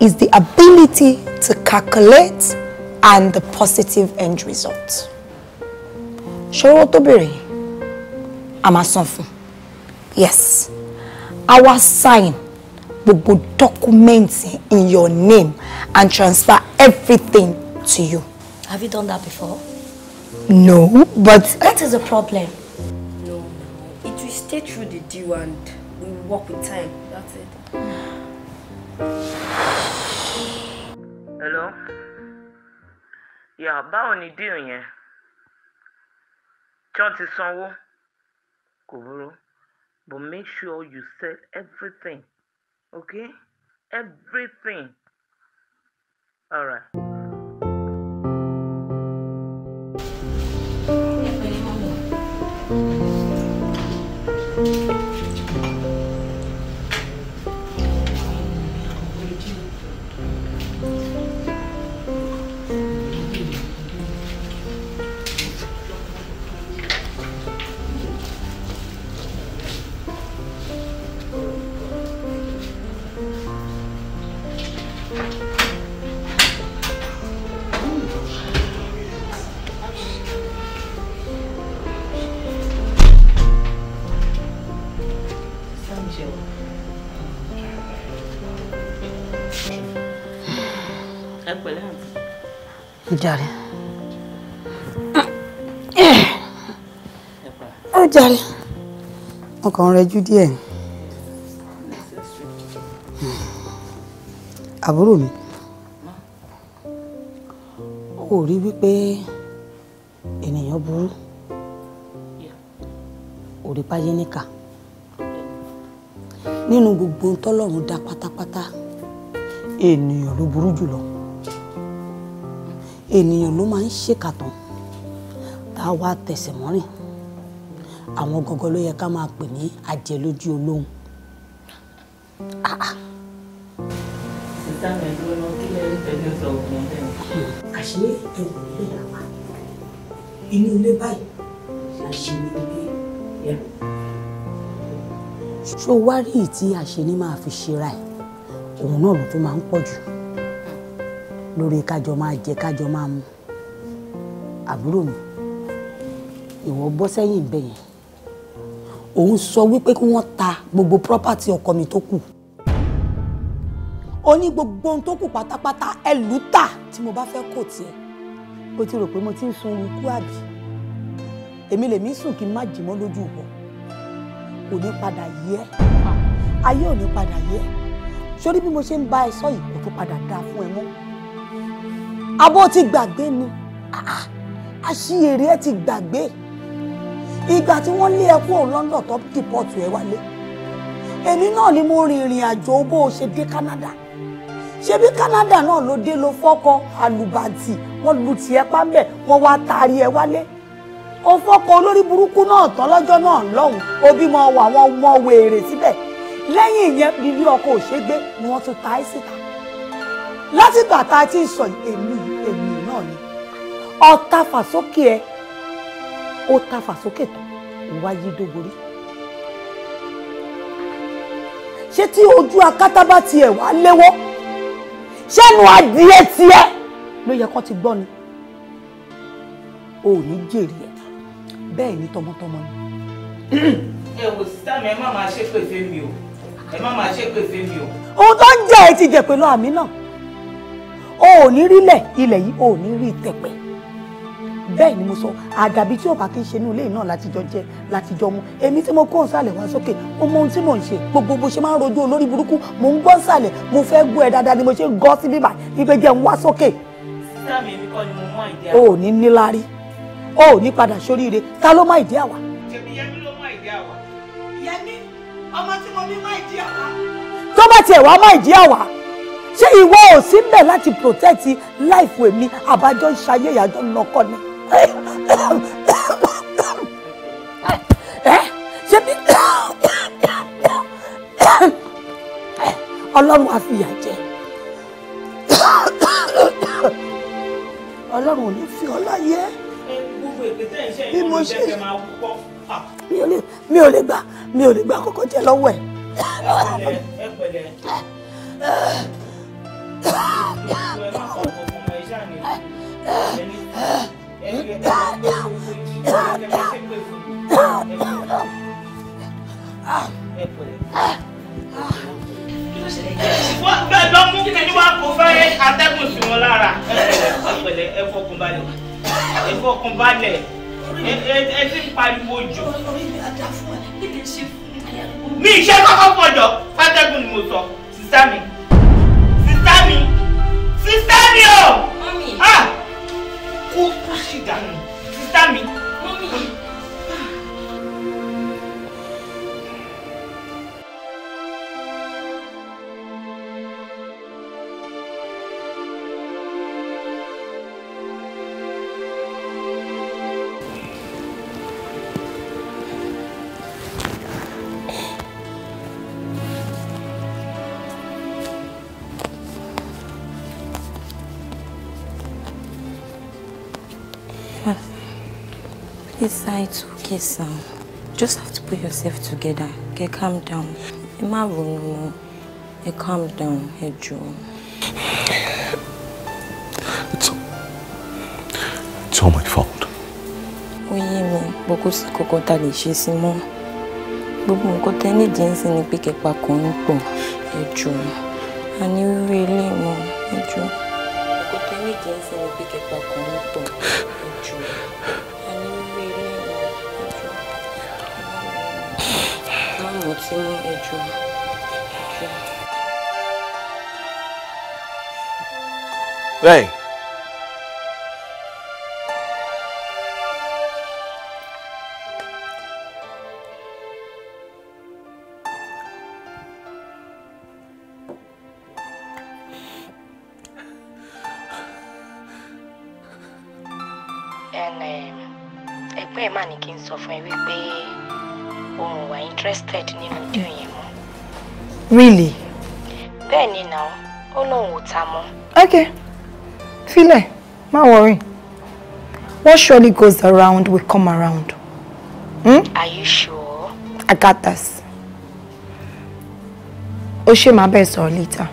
S2: is the ability to calculate and the positive end result. Ṣòro tó bèrè yìí, a máa san fún. Yes, our sign gbogbo documents in your name and transfer everything to you. Have you done that before? No, but... That is a problem. No, it will stay through the dew and we will work with time. That's it.
S1: Hello? Yeah, báwo ni deal yẹn? John ti sanwó. Kò burú. But make sure you sell everything. Okay? Everything. All right.
S2: jàre. ó jàre. mo kàn ń rẹjú díẹ̀ ni. Hmm. àbúrò mi ó rí wípé ènìyàn burú òrìpáyé níkà nínú gbogbo tọ́lọ́run dá pátápátá ènìyàn ló burú jùlọ ènìyàn ló máa ń ṣèkàtàn tá a wá tẹsẹ̀ mọ́rìn àwọn gọgọ ló yẹ ká máa pè ní àjẹlójú olóhùn.
S1: sísáàmì ẹ̀dúró náà kí lẹ́yìn tẹ́lẹ̀ sọ ọkùnrin bẹ́ẹ̀. àṣé ẹ̀wù ilé àwa inú ilé báyìí àṣírí ilé
S2: ṣó wá rí ìtí àṣírí máa fi ṣera ẹ̀ òun náà ló tún máa ń pọ̀ jù lórí kájọ máa jẹ kájọ máa mu àbúrò mi ìwọ bọ́ sẹ́yìn bẹ́ẹ̀ yẹn òun sọ wípé kí wọ́n ta gbogbo property ọkọ mi tó kù ó ní gbogbo ohun tó kù pátápátá ẹ tà tí mo bá fẹ́ kò tiẹ̀ o ti rò pé mo ti ń sun orúkú àbí èmi lèmi sùn kí n má jìmọ́ lójú ìwọ kò ní padà yẹ ayé ò ní padà yẹ sórí bí mo ṣe ń bá ẹ sọ yìí kò tó padà dáa fún ẹ mọ́ abó ti gbàgbé ni aṣiyèrè ah, ẹ ti gbàgbé ìgbà tí wọ́n lé ẹ kúrò London tó dìpọ́tù ẹ wálé èmi náà ni mo rin ìrìn àjò bó o ṣe dé Canada ṣebí Canada náà ló dé ló fọ́kọ àlùbàǹtì wọ́n lu tiẹ̀ pámbẹ̀ wọ́n wá taari ẹ wálé o fọ́kọ olórí burúkú náà tán lọ́jọ́ náà lọ́hùn ó bímọ àwọn ọmọ wèrè síbẹ̀ lẹ́yìn ìyẹn nílé ọkọ òṣègbè ni wọ́n tún ta ẹ́ síta látìgbà tá a ti sọ èmi ọ̀tá fàsókè ẹ ó ta fàsókè tó wá yí dógorí ṣé tí ojú akátá bá tiẹ̀ wá léwọ́ ṣẹ́nu adìẹ tiẹ̀ ló yẹ kó ti gbọ́ ni ò ní jèrè ẹ̀ bẹ́ẹ̀ ni tọmọtọmọ ni.
S1: ẹ wò sísá mi ẹ má máa ṣépè fẹ́mi o ẹ má máa ṣépè fẹ́mi o.
S2: ohun tó ń jẹ́ ẹ ti jẹ̀ pẹ̀lú àmì náà o ò ní rí ilẹ̀ ilẹ̀ yìí o ò ní rí tẹ̀pẹ̀ bẹ́ẹ̀ ni mo sọ àdàbí tí ọba kì í ṣe inú ilé náà látijọ́ jẹ látijọ́ mu èmi tí mo kó nsàlẹ̀ wá sókè mo mọ ohun tí mò ń ṣe gbogbo bó ṣe máa ń rojú olórí burúkú mò ń gbọ́ nsàlẹ̀ mo fẹ́ gbọ́ ẹ dáadáa ni mo ṣe ń gọ́ sí bíbà ibẹ̀ jẹ́ ń wá sókè.
S1: sítámì èmi kọ́ ni mo mọ ìdí àwa. o ò ní níláárí
S2: o ò ní padà sóríire ta ló ṣé ìwọ ò sí bẹ́ẹ̀ láti protect life èmi àbájọ ń ṣayé ìyájọ́ ń lọ́kọ́ ni. Eh? ọlọ́run á fìyà jẹ ọlọ́run ò ní fi ọ láyé bí mo ṣe mi ò lè gbà mi ò lè gbà kọ́kọ́ jẹ lọ́wọ́
S1: ẹ ẹ bẹ́ẹ̀ lọ mú kíkẹ́jú wa kó fẹ́ atẹ́gùn sí wọn lára ẹ̀pẹ̀lẹ̀ ẹ̀fọ́kùn balẹ̀ ẹ̀fọ́kùn balẹ̀ ẹ ti ń pariwo jù. mi ìṣe kọ́kọ́ pọ̀jọ́. me. It's, okay, son. Just have to put yourself together.
S4: Okay, calm down. Ẹ will know. Ẹ calm down, ẹ jọ̀ọ́. It's all,
S1: it's all my fault. Ó yé mi, bó kò sí kókó tá a lè ṣe sí mọ́. Gbogbo to tẹ́ nídìí ń sin ni pé kẹpa kan ń pọ̀. Ẹ jọ̀ọ́. A ní rírú ilé mọ́. Ẹ jọ̀ọ́. Nǹkan tẹ́ nídìí ń to ni pé kẹpa kan
S4: singing a drum.
S7: Hey.
S2: Really? Bẹ́ẹ̀ ni náà, ó lóun ò ta mọ́. Okay, filẹ̀, má worry. What surely goes around will come around. Hmm? Are you sure? I got this. Ó ṣe máa bẹ́ẹ̀ sọ̀rọ̀ later.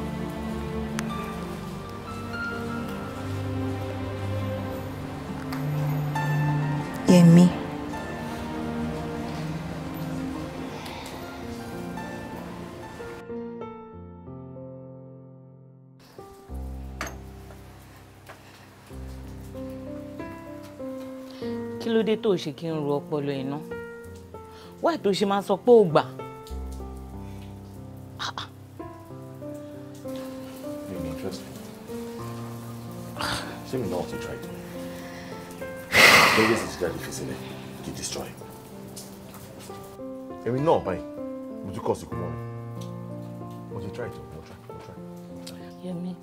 S2: Yẹmi. Yeah,
S1: kí ló dé tó ṣe kí n ro ọpọlọ iná wáì tó ṣe máa sọ pé ò gbà.
S3: ṣé mi try it lórí is jíjáde fèsìlẹ̀ kì í destroy èmi náà báyìí mo ti kọ́ sí kúmọ́ mi mo ti try it mo try mo try.
S1: Yẹmi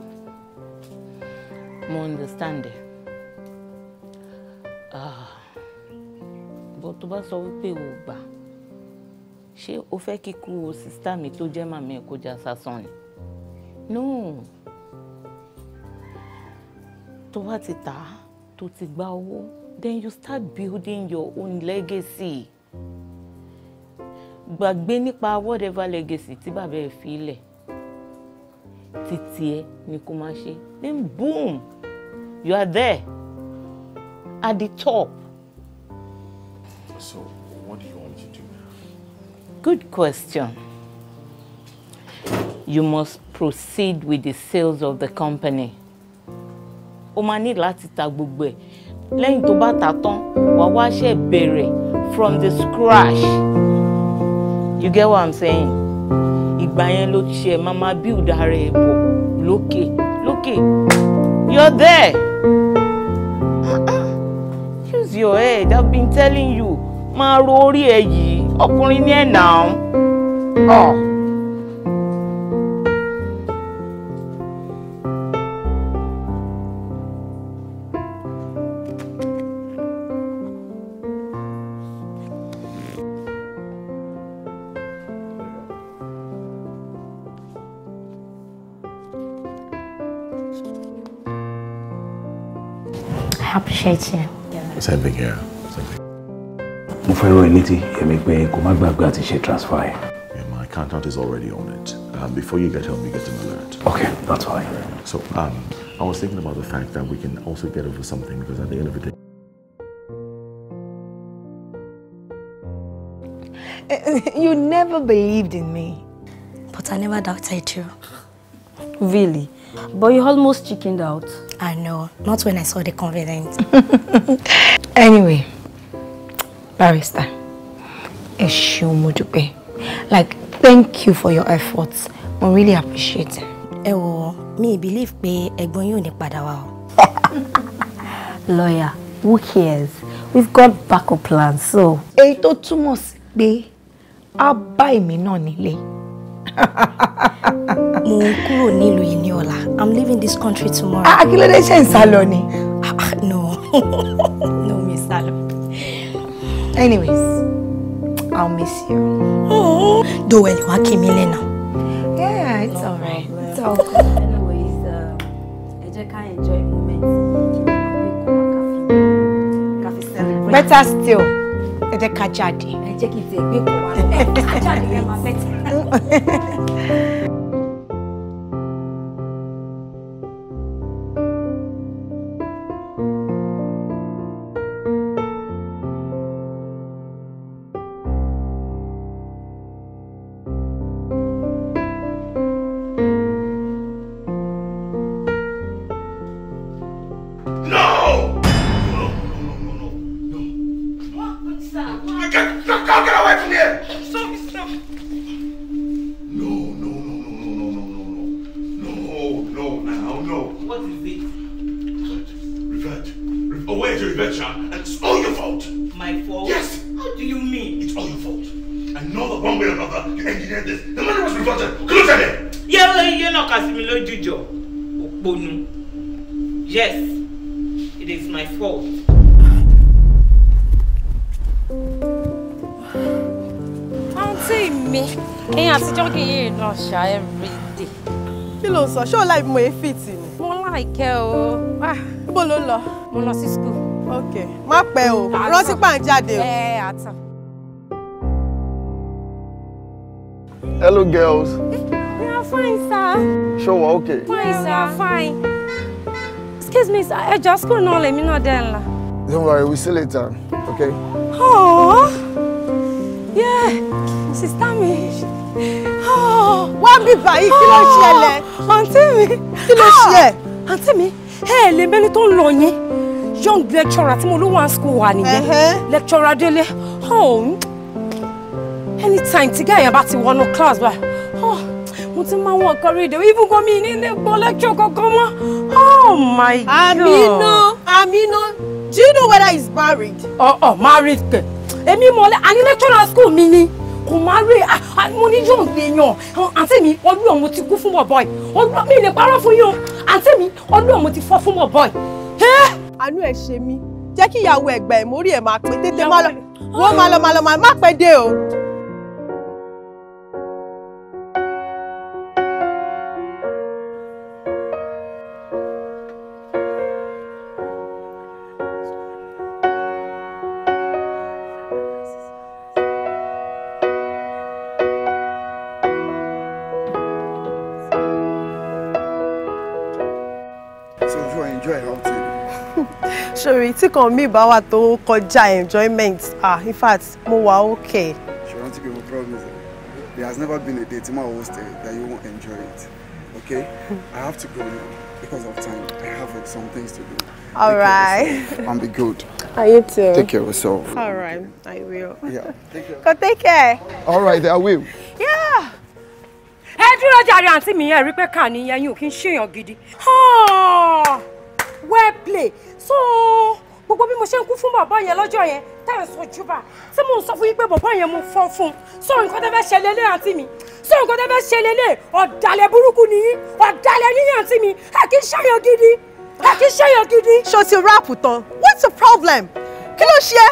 S1: mo understand it. tó bá sọ wípé o gbà ṣé o fẹ́ kí o sísítà mi tó jẹ́ màmí ẹ̀ kó sásán ni no tó bá ti tà á tó ti gba owó then you start building your own legacy gbàgbé nípa whatever legacy tí bàbá ẹ fi lẹ̀ títí ẹ ni kó máa ṣe then boom you are there at the top.
S3: So, what do you want me to do?
S1: Good question. You must proceed with the sales of the company. O máa ní láti ta gbogbo ẹ̀. Lẹ́yìn tó bá ta tán, wàá wá ṣe bẹ̀rẹ̀ from the scratch. You get what I'm saying? Ìgbà yẹn ló ṣe máa Mama build ara ẹ̀ bọ̀ lókè lókè. You're there. to your head I've been telling you máa ro orí ẹ yìí ọkùnrin ní ẹ̀ náà
S2: appreciate you.
S3: Same thing here. Same thing. Mo fẹ́ rọ ẹnití èmi transfer My accountant is already on it. Um, before you get home, you get an alert.
S6: Okay, that's fine.
S3: So, um, I was thinking about the fact that we can also get over something because at the end of the day.
S4: You never
S2: believed in me. But I never doubted you. Really. But you almost chickened out. I know. Not when I saw the confidence. anyway, barrister, ẹ ṣé o, Like, thank you for your efforts. I really appreciate it. Ẹ wò, believe me, egon yín ò ní Lawyer, who cares? We've got backup plans, so. Èyí tó túmọ̀ sí pé a bá èmi náà nílé. mo kúrò nílùú yìí ọ̀la i'm leaving this country tomorrow. ah akílódé ṣe ń sálọ ni. ah, ah no no mi sálọ. anyways i'll miss you. dowel wá kí mi lẹ́nà. yeah it's no alright it's all anyways um, ẹ jẹ́ ká enjoy moment. better still ẹ jẹ́ ká jáde. ẹ jẹ́ kí n tẹ̀ gbé kó wa lọ jáde ẹ máa bẹ́tẹ̀.
S4: pẹ́ o rántí pàǹjáde o. ẹ àtàn.
S6: hello girls.
S4: we are fine sir. ṣé wà okay. fine sir. fine. excuse me sir ẹ jọ school náà lèmi náà dẹ̀ ńlá.
S6: don't worry we we'll see later okay.
S4: Oh, yeah, sister mi. Wá bí báyìí kí ló ṣẹlẹ̀? Àǹtí mi. Kí ló ṣe? Àǹtí mi, ẹ lè mẹ́ni tó ń lọ yín young lecturer tí mo ló one school wa nìyẹn lecturer Oh, mm. anytime tí gáyà about ti wọnú class Oh, mo ti máa wọ ọkọ rédíò even go mi nílé gbọ́ lecture kankan mọ́ oh my god. Amino. Amina do you know whether he's married. Oh, uh-uh, ọ̀ married kẹ̀ èmi mọ̀lẹ́ àní lecturer school mi ni kò máa rí mo ní yóò gbé yan àǹtí mi ọdún ọ̀hún ti kú fún bọ̀bọ̀ yìí ọdún mi lè parọ́ fún yín o àǹtí mi ọdún ọ̀hún ti fọ́ fún bọ̀bọ̀ yìí àánú ẹ̀ ṣe mí jẹ́ kí ìyàwó ẹ̀gbà ẹ̀ mórí ẹ̀ máa pé tètè má lọ wọ́n má lọ má lọ má pẹ́ dé o. tí kan mi bá wà tó kọjá enjoyment ah in fact mo wa okay.
S6: ṣe rántí give mo promise there has never been a date tí mo host it that you won't enjoy it okay i have to go now because of time i have like, some things to do. all right and be good. Are you too. take care of yourself. all right i will. yeah
S4: take care. go take care.
S6: all right i will.
S4: yeah ẹ dúró jàre àǹtí mi yẹn rí pé kà ní yẹn yín ò kí ń ṣèyàn gidi well play so gbogbo bí mo ṣe ń kú fún bàbá yẹn lọ́jọ́ yẹn tá à ń sọ jùbà tí mò ń sọ fún yín pé bàbá yẹn mo fọ́ fún un sọ nǹkan tẹ́ fẹ́ ṣe lélẹ̀ àǹtí mi sọ nǹkan tẹ́ fẹ́ ṣe lélẹ̀ ọ̀dàlẹ̀ burúkú nìyí ọ̀dàlẹ̀ nìyí àǹtí mi ẹ kì í ṣàyàn gidi ẹ kì í ṣàyàn gidi. ṣo ti ráàpù tán what's the problem kí ló ṣe é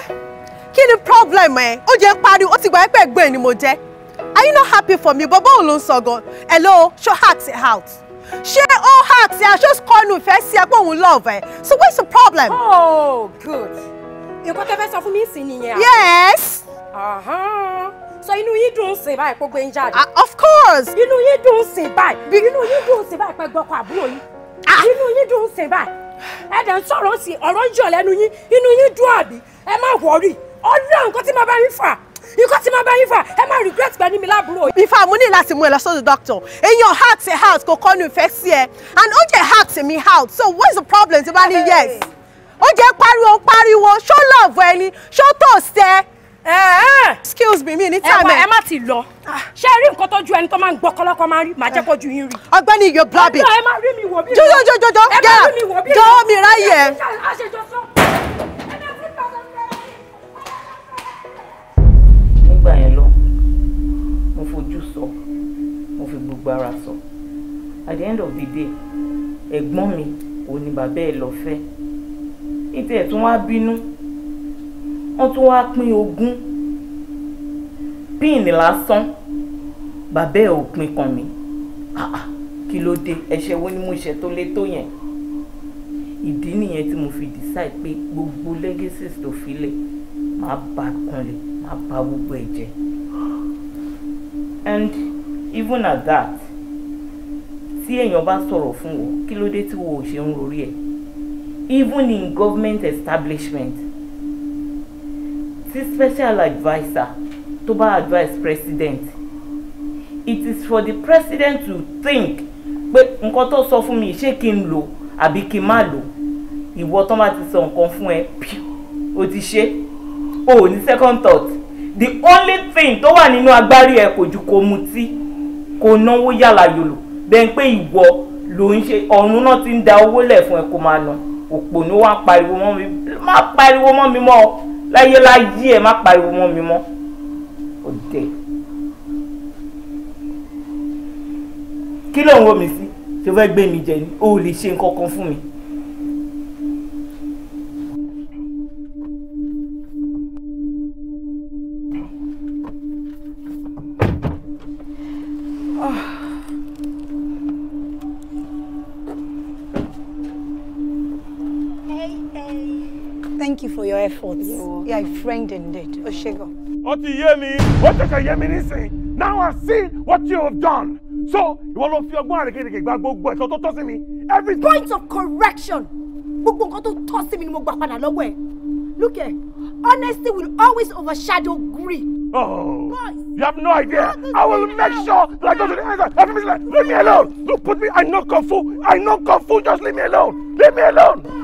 S4: kí ni problem ẹ ó jẹ pariwo ó ti gbà pẹ́ gbẹ̀ ni mo jẹ́ are you not happy for me bàbá òun ló ń sọ gan hello show heart out. Share ṣé ó heart ẹ aṣọ́sikọ́nù ìfẹ́ sí ẹ pé with love ẹ so what's the problem. oh good You got fẹ́ sọ fún me, sí yes. Uh-huh so you know you don't say bye for going jáde. of course. You you know don't inú yín dùn you báyìí ah, inú yín dùn sìn báyìí pé gbọ́kọ̀ àbúrò yín inú yín dùn sìn báyìí ẹ̀dẹ̀ ah. ń sọ̀rọ̀ sí ọ̀rọ̀ ń jọ̀ lẹ́nu yín inú yín dùn àbí ẹ má wọ̀ọ́rì ọ̀nà nǹkan tí mo bá yín far ikọ́ tí máa bá yín fà ẹ máa regret pẹ̀lú mi láàbúrò. ifá mo ní láti mú ẹ lọ sọ́dọ̀ doctor èèyàn heart ẹ heart kò kọ́ nu ìfẹ́ sí ẹ and ó jẹ́ heart mi heart so what's the problem tí bá ní yes ó jẹ́ pariwo pariwo ṣó love ẹni ṣó tó sẹ́ excuse me mi ní time ẹ. ẹ má ti lọ ṣé rí nǹkan tó ju ẹni tó máa ń gbọ́ kọ́lọ́kọ́ máa ń rí màá jẹ́ kó ju yín rí. ọ̀gbẹ́ni your blabbi jojojojo gẹ́à jọ́ mi ráyè.
S1: gbogbo sọ at the end of the day ẹ̀gbọ́n mi ò ní bàbá ẹ̀ lọ fẹ́ ètò ẹ̀ tún wá bínú wọ́n tún wá pín ogún píìnì lásán bàbá ẹ̀ ò pín kan mi kí ló dé ẹ̀ṣẹ̀ wo ni mo ṣe tó lé tó yẹn ìdí nìyẹn tí mo fi decide pé gbogbo legacies tó filẹ̀ máa bá kanlẹ̀ máa bá gbogbo ẹ̀ jẹ́ and even at that tí èèyàn bá sọ̀rọ̀ fún ọ kí ló dé tí wo ò ṣe ń rorí ẹ̀ even in government establishment tí special adviser tó bá advise president it is for the president to think pé nǹkan tó sọ fún mi ṣé kí n lò àbí kí n má lò ìwọ tó bá ti sọ nǹkan fún ẹ o ti ṣe o ní second thought the only thing tó wà nínú agbárí ẹ kò ju kó mutí kò náwó yàrá yòlò bẹ́ẹ̀ pé ìwọ ló ń ṣe ọ̀run náà ti ń da owó lẹ̀ fún ẹ kó máa nà òpònú wa pariwo mọ́ mi má pariwo mọ́ mi mọ́ láyé láyé ẹ má pariwo mọ́ mi mọ́ òdè. kí ló ń wo mi sí ṣe fẹ́ gbé mi jẹ ni o ò lè ṣe nǹkan kan fún mi.
S2: friend indeed. Oshego.
S3: Ó ti yé mi, ó ṣẹ̀ṣẹ̀ yé mi nísìn. Now I see what you have done. So, you want to feel ọgbọ́n àrékérekè gba gbogbo ẹ̀tọ́ tó tọ́ sí me.
S2: Every point of correction. Gbogbo nǹkan tó tọ́ sí mi ni mo gbà Look here,
S4: honesty will always overshadow greed.
S2: Oh, Boys, you have no idea.
S3: I will make sure that I go to the answer. Leave me alone. Look, put me. I know kung fu. I know kung fu. Just leave me alone. Leave me alone.